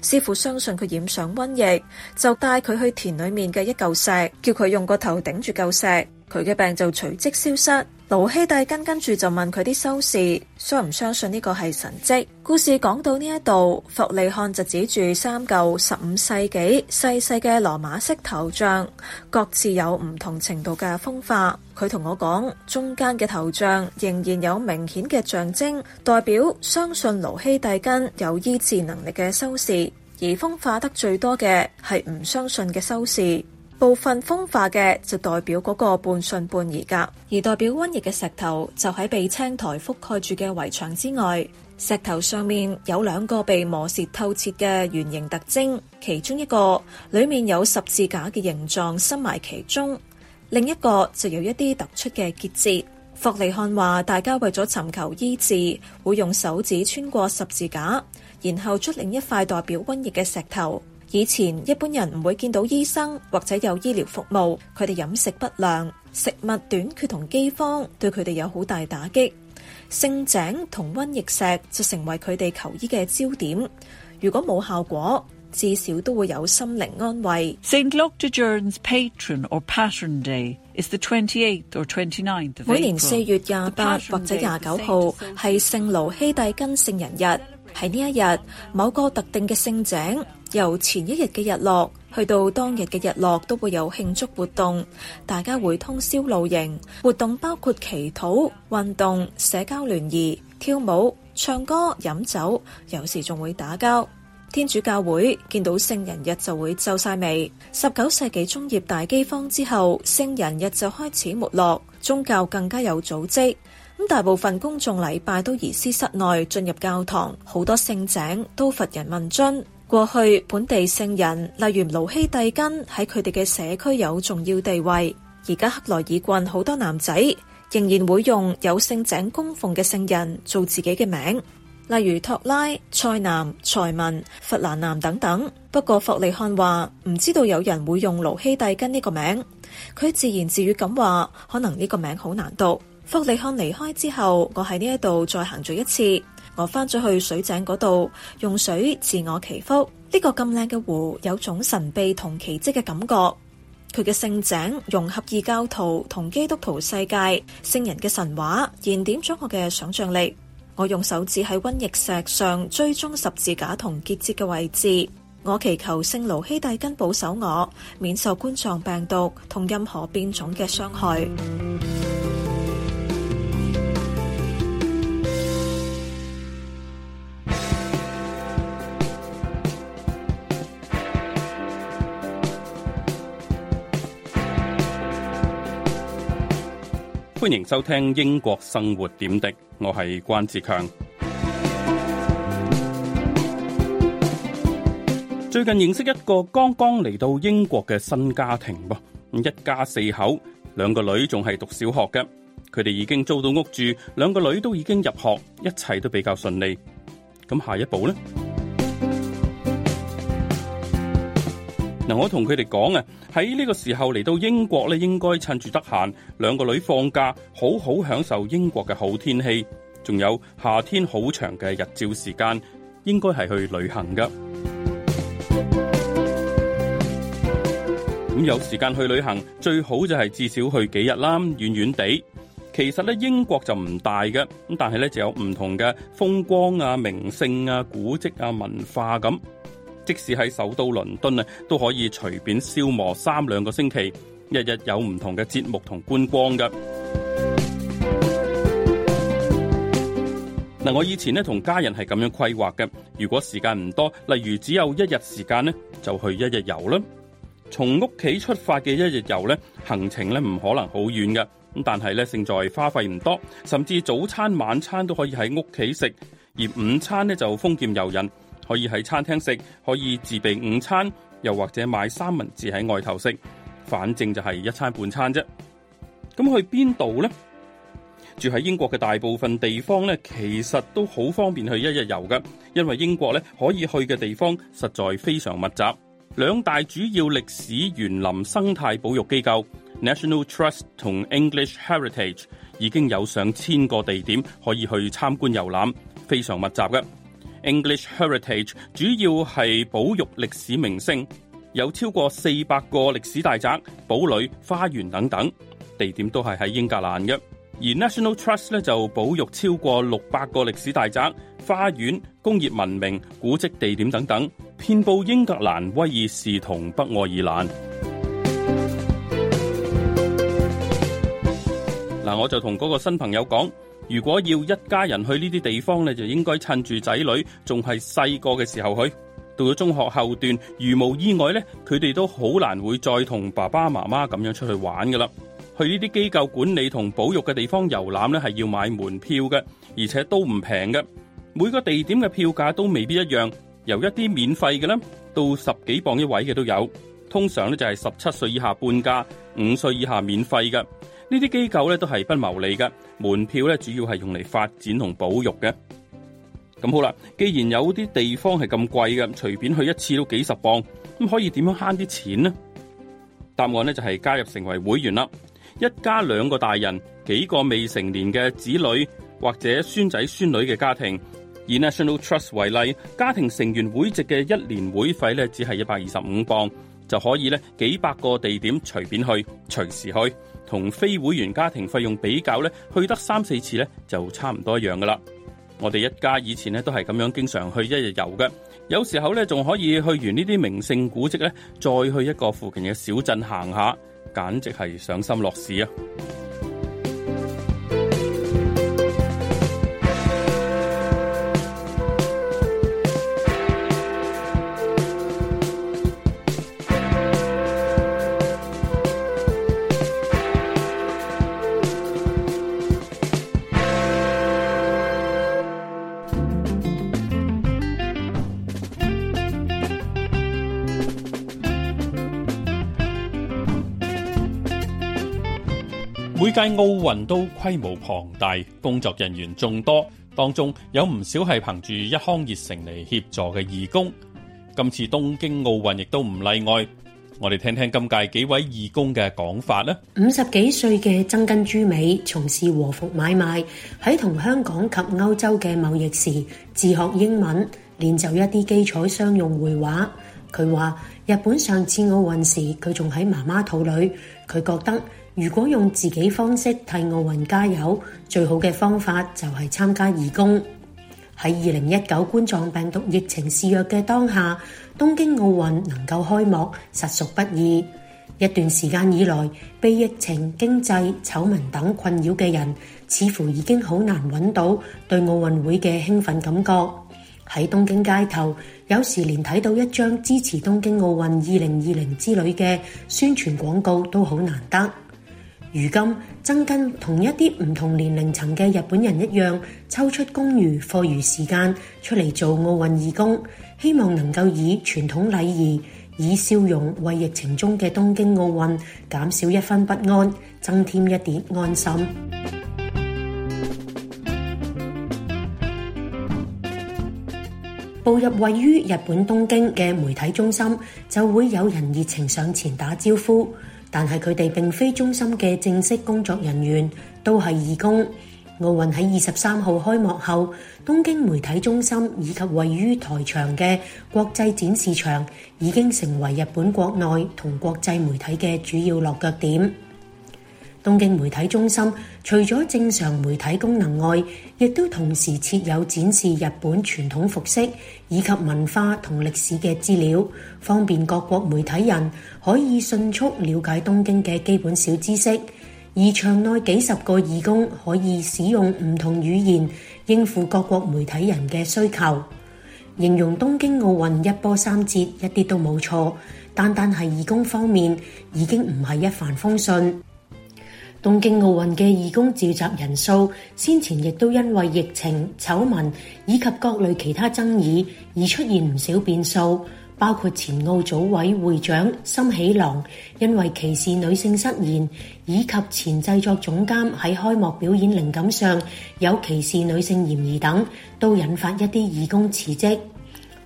S6: 師傅相信佢染上瘟疫，就帶佢去田裏面嘅一嚿石，叫佢用個頭頂住嚿石，佢嘅病就隨即消失。盧希帝根跟住就問佢啲修士相唔相信呢個係神蹟？故事講到呢一度，弗利漢就指住三舊十五世紀細細嘅羅馬式頭像，各自有唔同程度嘅風化。佢同我講，中間嘅頭像仍然有明顯嘅象徵，代表相信盧希帝根有醫治能力嘅修士，而風化得最多嘅係唔相信嘅修士。部分風化嘅就代表嗰個半信半疑格，而代表瘟疫嘅石頭就喺被青苔覆蓋住嘅圍牆之外。石頭上面有兩個被磨蝕透徹嘅圓形特徵，其中一個裡面有十字架嘅形狀深埋其中，另一個就有一啲突出嘅結節。霍利漢話：大家為咗尋求醫治，會用手指穿過十字架，然後出另一塊代表瘟疫嘅石頭。以前一般人唔會見到醫生或者有醫療服務，佢哋飲食不良、食物短缺同饑荒，對佢哋有好大打擊。聖井同瘟疫石就成為佢哋求醫嘅焦點。如果冇效果，至少都會有心靈安慰。Patron or Pattern Day is the 28th or 29th of April. 每年四月廿八或者廿九號係聖勞希弟根聖人日。喺呢一日，某個特定嘅聖井，由前一日嘅日落去到當日嘅日落，都會有慶祝活動。大家會通宵露營，活動包括祈禱、運動、社交聯誼、跳舞、唱歌、飲酒，有時仲會打交。天主教會見到聖人日就會皺曬眉。十九世紀中葉大饑荒之後，聖人日就開始沒落，宗教更加有組織。咁大部分公眾禮拜都移師室內，進入教堂，好多聖井都乏人問津。過去本地聖人，例如勞希帝根喺佢哋嘅社區有重要地位。而家克萊爾郡好多男仔仍然會用有聖井供奉嘅聖人做自己嘅名，例如托拉、塞南、塞文、佛蘭南等等。不過霍利漢話唔知道有人會用勞希帝根呢個名，佢自言自語咁話，可能呢個名好難讀。.福利康離開之後，我喺呢一度再行咗一次。我翻咗去水井嗰度，用水自我祈福。呢個咁靚嘅湖，有種神秘同奇蹟嘅感覺。佢嘅聖井融合異教徒同基督徒世界聖人嘅神話，燃點咗我嘅想象力。我用手指喺瘟疫石上追蹤十字架同結節嘅位置。我祈求聖盧希帝根保守我，免受冠狀病毒同任何變種嘅傷害。
S1: 歡迎收聽英國生活點滴，我係關志強。最近認識一個剛剛嚟到英國嘅新家庭噃，一家四口，兩個女仲係讀小學嘅，佢哋已經租到屋住，兩個女都已經入學，一切都比較順利。咁下一步呢？嗱，我同佢哋講啊，喺呢個時候嚟到英國咧，應該趁住得閒，兩個女放假，好好享受英國嘅好天氣，仲有夏天好長嘅日照時間，應該係去旅行噶。咁 有時間去旅行，最好就係至少去幾日啦，遠遠地。其實咧，英國就唔大嘅，咁但係咧就有唔同嘅風光啊、名勝啊、古蹟啊、文化咁、啊。即使喺首都倫敦啊，都可以隨便消磨三兩個星期，日日有唔同嘅節目同觀光嘅。嗱， 我以前咧同家人係咁樣規劃嘅。如果時間唔多，例如只有一日時間咧，就去一日遊啦。從屋企出發嘅一日遊咧，行程咧唔可能好遠嘅。咁但係咧，勝在花費唔多，甚至早餐晚餐都可以喺屋企食，而午餐咧就豐儉由人。可以喺餐廳食，可以自備午餐，又或者買三文治喺外頭食，反正就係一餐半餐啫。咁去邊度呢？住喺英國嘅大部分地方咧，其實都好方便去一日遊㗎，因為英國咧可以去嘅地方實在非常密集。兩大主要歷史園林生態保育機構 National Trust 同 English Heritage 已經有上千個地點可以去參觀遊覽，非常密集嘅。English Heritage 主要係保育歷史名勝，有超過四百個歷史大宅、堡壘、花園等等，地點都係喺英格蘭嘅。而 National Trust 咧就保育超過六百個歷史大宅、花園、工業文明古蹟地點等等，遍佈英格蘭、威爾士同北愛爾蘭。嗱，我就同嗰個新朋友講，如果要一家人去呢啲地方咧，就應該趁住仔女仲係細個嘅時候去。到咗中學後段，如無意外咧，佢哋都好難會再同爸爸媽媽咁樣出去玩噶啦。去呢啲機構管理同保育嘅地方遊覽咧，係要買門票嘅，而且都唔平嘅。每個地點嘅票價都未必一樣，由一啲免費嘅咧，到十幾磅一位嘅都有。通常咧就係十七歲以下半價，五歲以下免費嘅。呢啲機構咧都係不牟利嘅，門票咧主要係用嚟發展同保育嘅。咁好啦，既然有啲地方係咁貴嘅，隨便去一次都幾十磅，咁可以點樣慳啲錢呢？答案咧就係加入成為會員啦。一家兩個大人、幾個未成年嘅子女或者孫仔孫女嘅家庭，以 National Trust 為例，家庭成員會籍嘅一年會費咧只係一百二十五磅，就可以咧幾百個地點隨便去，隨時去。同非會員家庭費用比較咧，去得三四次咧就差唔多一樣㗎喇。我哋一家以前咧都係咁樣經常去一日遊嘅，有時候咧仲可以去完呢啲名勝古蹟咧，再去一個附近嘅小鎮行下，簡直係賞心樂事啊！屆奧運都規模龐大，工作人員眾多，當中有唔少係憑住一腔熱誠嚟協助嘅義工。今次東京奧運亦都唔例外，我哋聽聽今屆幾位義工嘅講法啦。
S4: 五十幾歲嘅曾根珠美從事和服買賣，喺同香港及歐洲嘅貿易時自學英文，練就一啲基礎商用會話。佢話日本上次奧運時佢仲喺媽媽肚裏，佢覺得。如果用自己方式替奧運加油，最好嘅方法就係參加義工。喺二零一九冠狀病毒疫情肆虐嘅當下，東京奧運能夠開幕實屬不易。一段時間以來，被疫情、經濟、醜聞等困擾嘅人，似乎已經好難揾到對奧運會嘅興奮感覺。喺東京街頭，有時連睇到一張支持東京奧運二零二零之類嘅宣傳廣告都好難得。如今，曾根同一啲唔同年齡層嘅日本人一樣，抽出公餘、課餘時間出嚟做奧運義工，希望能夠以傳統禮儀、以笑容為疫情中嘅東京奧運減少一分不安，增添一啲安心。 步入位於日本東京嘅媒體中心，就會有人熱情上前打招呼。但係佢哋並非中心嘅正式工作人員，都係義工。奧運喺二十三號開幕後，東京媒體中心以及位於台場嘅國際展示場已經成為日本國內同國際媒體嘅主要落腳點。東京媒體中心除咗正常媒體功能外，亦都同時設有展示日本傳統服飾以及文化同歷史嘅資料，方便各國媒體人可以迅速了解東京嘅基本小知識。而場內幾十個義工可以使用唔同語言應付各國媒體人嘅需求。形容東京奧運一波三折，一啲都冇錯。單單係義工方面已經唔係一帆風順。東京奧運嘅義工召集人數，先前亦都因為疫情、醜聞以及各類其他爭議而出現唔少變數，包括前奧組委會長森喜朗因為歧視女性失言，以及前製作總監喺開幕表演靈感上有歧視女性嫌疑等，都引發一啲義工辭職。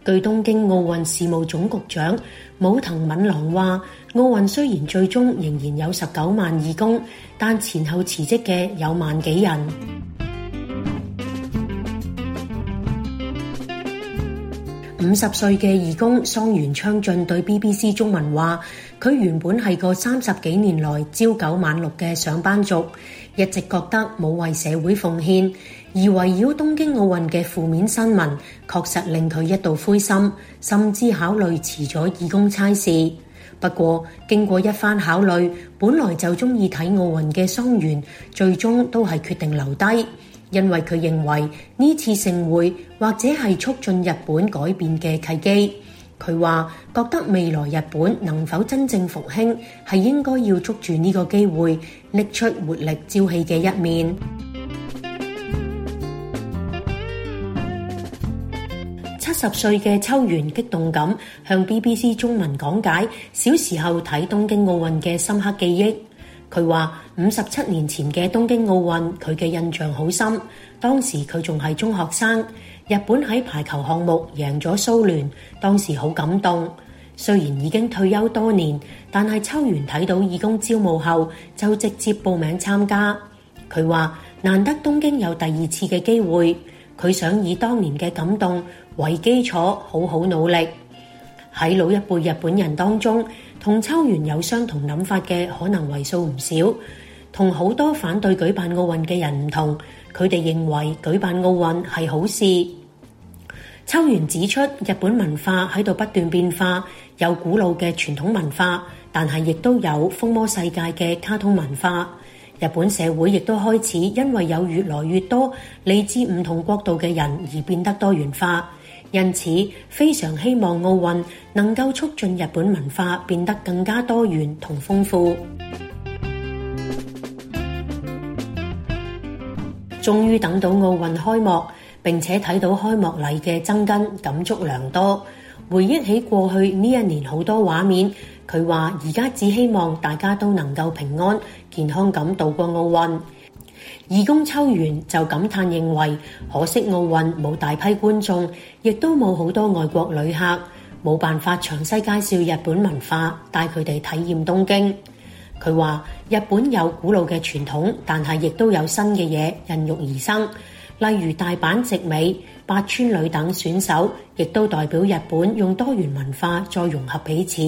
S4: 據東京奧運事務總局長武藤敏郎話，奧運雖然最終仍然有十九萬義工，但前後辭職嘅有萬幾人。五十歲嘅義工桑原昌俊對 BBC 中文話，佢原本係個三十幾年來朝九晚六嘅上班族，一直覺得冇為社會奉獻。而圍繞東京奧運嘅負面新聞，確實令佢一度灰心，甚至考慮辭咗義工差事。不過經過一番考慮，本來就中意睇奧運嘅桑原，最終都係決定留低，因為佢認為呢次盛會或者係促進日本改變嘅契機。佢話覺得未來日本能否真正復興，係應該要捉住呢個機會，拎出活力朝氣嘅一面。十歲嘅秋元激動咁向 BBC 中文講解小時候睇東京奧運嘅深刻記憶。佢話五十七年前嘅東京奧運，佢嘅印象好深。當時佢仲係中學生，日本喺排球項目贏咗蘇聯，當時好感動雖然已經退休多年，但係秋元睇到義工招募後就直接報名參加。佢話難得東京有第二次嘅機會，佢想以當年嘅感動。為基礎，好好努力。喺老一輩日本人當中，同秋元有相同諗法嘅可能為數唔少。同好多反對舉辦奧運嘅人唔同，佢哋認為舉辦奧運係好事。秋元指出，日本文化喺度不斷變化，有古老嘅傳統文化，但係亦都有風魔世界嘅卡通文化。日本社會亦都開始因為有越來越多嚟自唔同國度嘅人而變得多元化。因此，非常希望奧運能夠促進日本文化變得更加多元同豐富。終於 等到奧運開幕，並且睇到開幕禮嘅增根，感觸良多。回憶起過去呢一年好多畫面，佢話而家只希望大家都能夠平安健康咁度過奧運。義工秋元就感嘆，認為，可惜奧運冇大批觀眾，亦都冇好多外國旅客，冇辦法詳細介紹日本文化，帶佢哋體驗東京。佢話：日本有古老嘅傳統，但係亦都有新嘅嘢孕育而生，例如大阪直美、八村塁等選手，亦都代表日本用多元文化再融合彼此。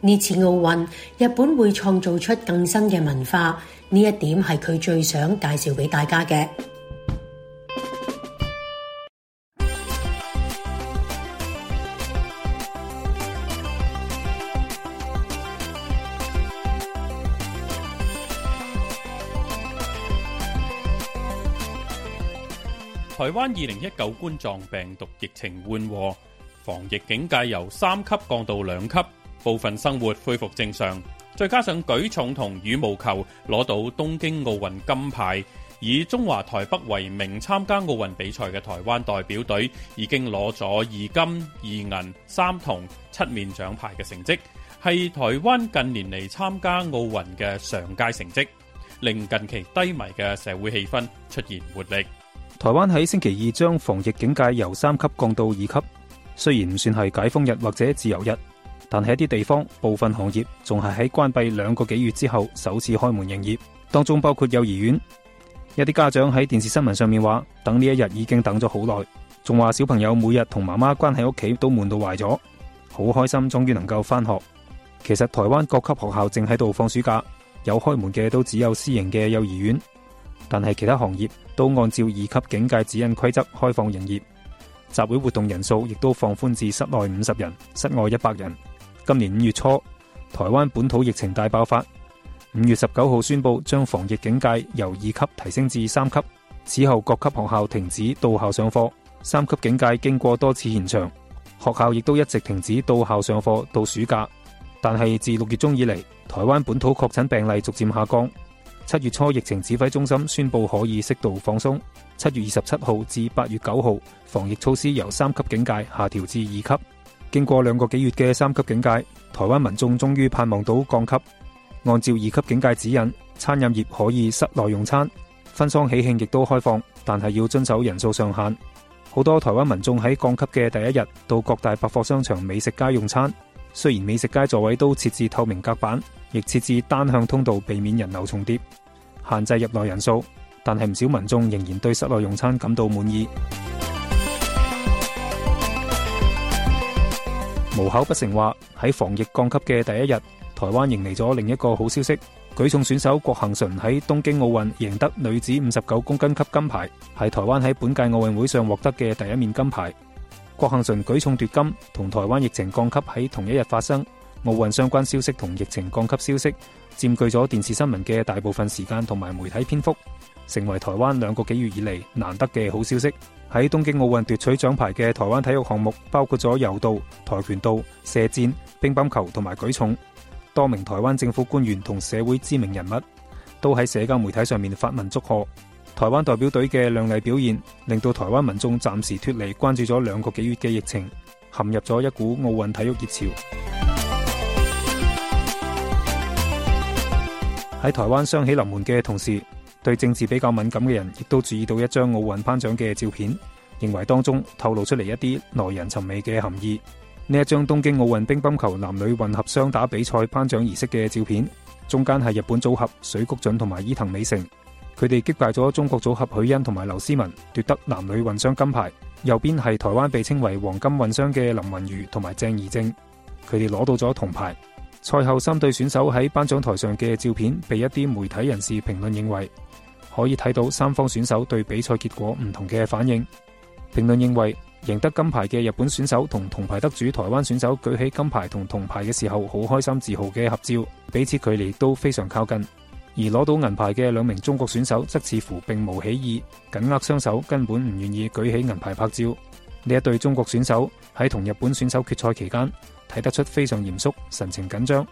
S4: 呢次奧運，日本會創造出更新嘅文化。呢一點係佢最想介紹俾大家嘅。
S1: 台灣二零一九冠狀病毒疫情緩和，防疫警戒由三級降到兩級，部分生活恢復正常。再加上舉重同羽毛球攞到東京奧運金牌，以中華台北為名參加奧運比賽嘅台灣代表隊已經攞咗二金二銀三銅七面獎牌嘅成績，係台灣近年嚟參加奧運嘅上佳成績，令近期低迷嘅社會氣氛出現活力。
S5: 台灣喺星期二將防疫警戒由三級降到二級，雖然唔算係解封日或者自由日。但係一啲地方部分行業仲係喺關閉兩個幾月之後首次開門營業，當中包括幼兒園。一啲家長喺電視新聞上面話，等呢一日已經等咗好耐，仲話小朋友每日同媽媽關喺屋企都悶到壞咗，好開心終於能夠返學。其實台灣各級學校正喺度放暑假，有開門嘅都只有私營嘅幼兒園，但係其他行業都按照二級警戒指引規則開放營業，集會活動人數亦都放寬至室內五十人，室外一百人。今年五月初，台灣本土疫情大爆發。五月十九號宣布將防疫警戒由二級提升至三級，此後各級學校停止到校上課。三級警戒經過多次延長，學校亦都一直停止到校上課到暑假。但係自六月中以嚟，台灣本土確診病例逐漸下降。七月初疫情指揮中心宣布可以適度放鬆。七月二十七號至八月九號，防疫措施由三級警戒下調至二級。經過兩個幾月嘅三級警戒，台灣民眾終於盼望到降級。按照二級警戒指引，餐飲業可以室內用餐，婚喪喜慶亦都開放，但係要遵守人數上限。好多台灣民眾喺降級嘅第一日，到各大百貨商場、美食街用餐。雖然美食街座位都設置透明隔板，亦設置單向通道避免人流重疊，限制入內人數，但係唔少民眾仍然對室內用餐感到滿意。無口不成話，喺防疫降級嘅第一日，台灣迎嚟咗另一個好消息。舉重選手郭婞淳喺東京奧運贏得女子五十九公斤級金牌，係台灣喺本屆奧運會上獲得嘅第一面金牌。郭婞淳舉重奪金同台灣疫情降級喺同一日發生，奧運相關消息同疫情降級消息佔據咗電視新聞嘅大部分時間同埋媒體篇幅，成為台灣兩個幾月以嚟難得嘅好消息。喺東京奧運奪取獎牌嘅台灣體育項目包括咗柔道、跆拳道、射箭、乒乓球同埋舉重。多名台灣政府官員同社會知名人物都喺社交媒體上面發文祝賀。台灣代表隊嘅靚麗表現，令到台灣民眾暫時脱離關注咗兩個幾月嘅疫情，陷入咗一股奧運體育熱潮。喺台灣雙喜臨門嘅同時，對政治比較敏感嘅人，亦都注意到一張奧運頒獎嘅照片，認為當中透露出嚟一啲耐人尋味嘅含義。呢一張東京奧運乒乓球男女混合雙打比賽頒獎儀式嘅照片，中間係日本組合水谷隼同埋伊藤美誠，佢哋擊敗咗中國組合許昕同埋劉詩雯，奪得男女混雙金牌。右邊係台灣被稱為黃金混雙嘅林昀儒同埋鄭怡靜，佢哋攞到咗銅牌。賽後三隊選手喺頒獎台上嘅照片，被一啲媒體人士評論認為。可以睇到三方選手對比賽結果唔同嘅反應。評論認為，贏得金牌嘅日本選手同銅牌得主台灣選手舉起金牌同銅牌嘅時候，好開心自豪嘅合照，彼此距離都非常靠近。而攞到銀牌嘅兩名中國選手則似乎並無喜意，緊握雙手，根本唔願意舉起銀牌拍照。呢一對中國選手喺同日本選手決賽期間，睇得出非常嚴肅，神情緊張，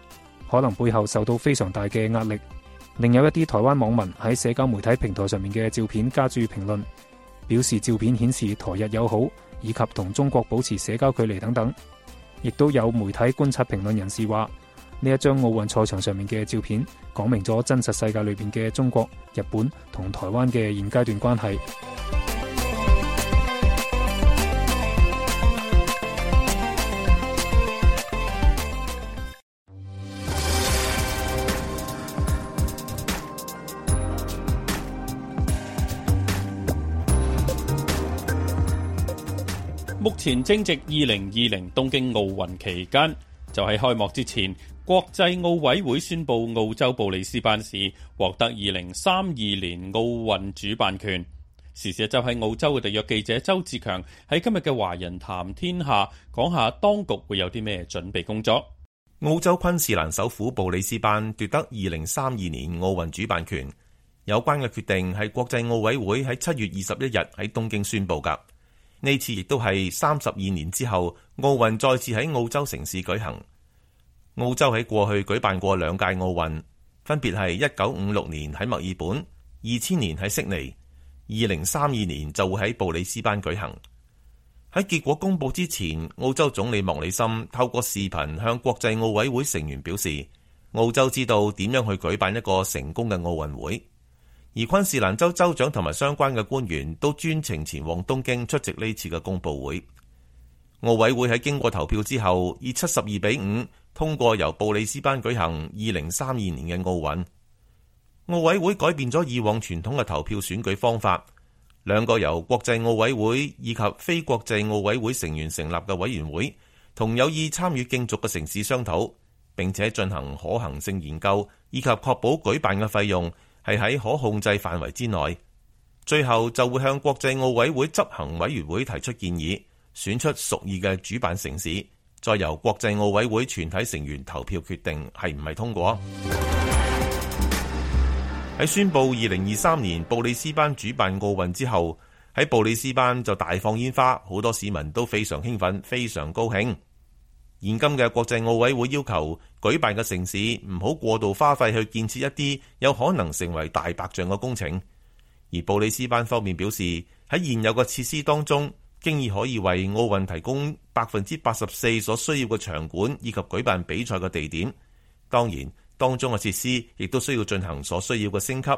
S5: 可能背後受到非常大嘅壓力。另有一啲台灣網民喺社交媒體平台上面嘅照片加注評論，表示照片顯示台日友好，以及同中國保持社交距離等等。亦都有媒體觀察評論人士話，呢一張奧運賽場上面嘅照片講明咗真實世界裏邊嘅中國、日本同台灣嘅現階段關係。
S1: 目前正值二零二零東京奧運期間，就喺開幕之前，國際奧委會宣布澳洲布里斯班市獲得二零三二年奧運主辦權。時事就喺澳洲嘅特約記者周志強喺今日嘅華人談天下講下當局會有啲咩準備工
S7: 作？澳洲昆士蘭首府布里斯班奪得二零三二年奧運主辦權，有關嘅決定係國際奧委會喺七月二十一日喺東京宣布㗎。呢次亦都係三十二年之後，奧運再次喺澳洲城市舉行。澳洲喺過去舉辦過兩屆奧運，分別係一九五六年喺墨爾本、二千年喺悉尼，二零三二年就會喺布里斯班舉行。喺結果公佈之前，澳洲總理莫里森透過視頻向國際奧委會成員表示，澳洲知道點樣去舉辦一個成功嘅奧運會。而昆士蘭州州長同埋相關嘅官員都專程前往東京出席呢次嘅公布會。奧委會喺經過投票之後，以七十二比五通過由布里斯班舉行二零三二年嘅奧運。
S5: 奧
S7: 委會改變咗以往傳統嘅投票選舉方法，兩個由國際奧委會以及非國際奧委會成員成立嘅委員會同有意參與競逐嘅城市商討，並且進行可行性研究以及確保舉辦嘅費用。係喺可控制範圍之內，最後就會向國際奧委會執行委員會提出建議，選出屬意嘅主辦城市，再由國際奧委會全體成員投票決定係唔係通過。喺 宣布二零三二年布里斯班主辦奧運之後，喺布里斯班就大放煙花，好多市民都非常興奮，非常高興。現今嘅國際奧委會要求舉辦嘅城市唔好過度花費去建設一啲有可能成為大白象嘅工程。而布里斯班方面表示，喺現有嘅設施當中，經已可以為奧運提供百分之八十四所需要嘅場館以及舉辦比賽嘅地點。當然，當中嘅設施亦都需要進行所需要嘅升級。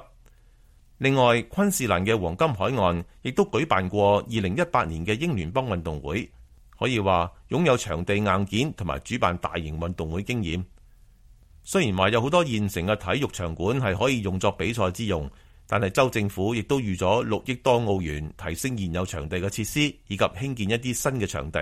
S7: 另外，昆士蘭嘅黃金海岸亦都舉辦過二零一八年嘅英聯邦運動會。可以話擁有場地硬件同埋主辦大型運動會經驗。雖然話有好多現成嘅體育場館係可以用作比賽之用，但係州政府亦都預咗六億多澳元提升現有場地嘅設施，以及興建一啲新嘅場地。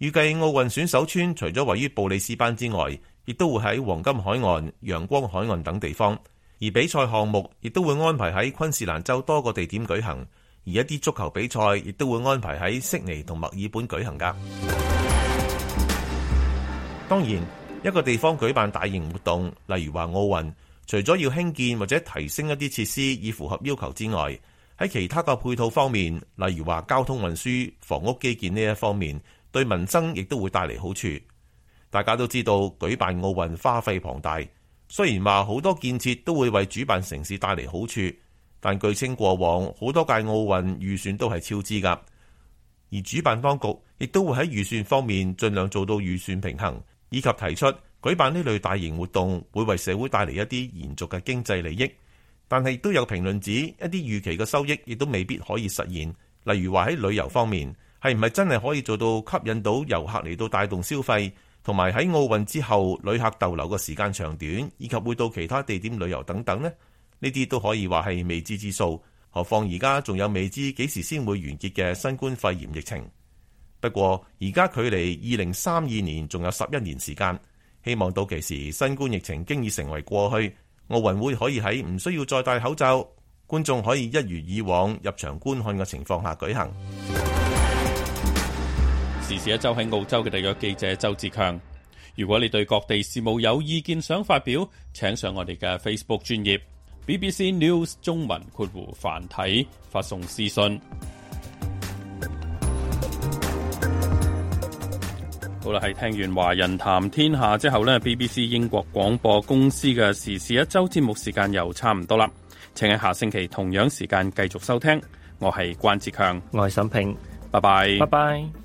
S7: 預計奧運選手村除咗位於布里斯班之外，亦都會喺黃金海岸、陽光海岸等地方，而比賽項目亦都會安排喺昆士蘭州多個地點舉行。而一啲足球比賽亦都會安排喺悉尼同墨爾本舉行㗎。當然，一個地方舉辦大型活動，例如話奧運，除咗要興建或者提升一啲設施以符合要求之外，喺其他嘅配套方面，例如話交通運輸、房屋基建呢一方面，對民生亦都會帶嚟好處。大家都知道，舉辦奧運花費龐大，雖然話好多建設都會為主辦城市帶嚟好處。但據稱，過往好多屆奧運預算都係超支㗎，而主辦當局亦都會喺預算方面盡量做到預算平衡，以及提出舉辦呢類大型活動會為社會帶嚟一啲延續嘅經濟利益。但係都有評論指一啲預期嘅收益亦都未必可以實現，例如話喺旅遊方面係唔係真係可以做到吸引到遊客嚟到帶動消費，同埋喺奧運之後旅客逗留嘅時間長短，以及會到其他地點旅遊等等呢？呢啲都可以話係未知之數，何況而家仲有未知幾時先會完結嘅新冠肺炎疫情。不過而家距離二零三二年仲有十一年時間，希望到期時，新冠疫情經已成為過去，奧運會可以喺唔需要再戴口罩，觀眾可以一如以往入場觀看嘅情況下舉行。時事一周喺澳洲嘅特約記者周志強。
S1: 如果你對各地事務有意見想發表，請上我哋嘅 Facebook 專頁。BBC News 中文括弧繁體發送私信。 好啦，係聽完華人談天下之後呢，BBC 英國廣播公司嘅時事一周節目時間又差唔多啦。請喺下星期同樣時間繼續收聽。我係關志強，我係沈平，拜拜，拜拜。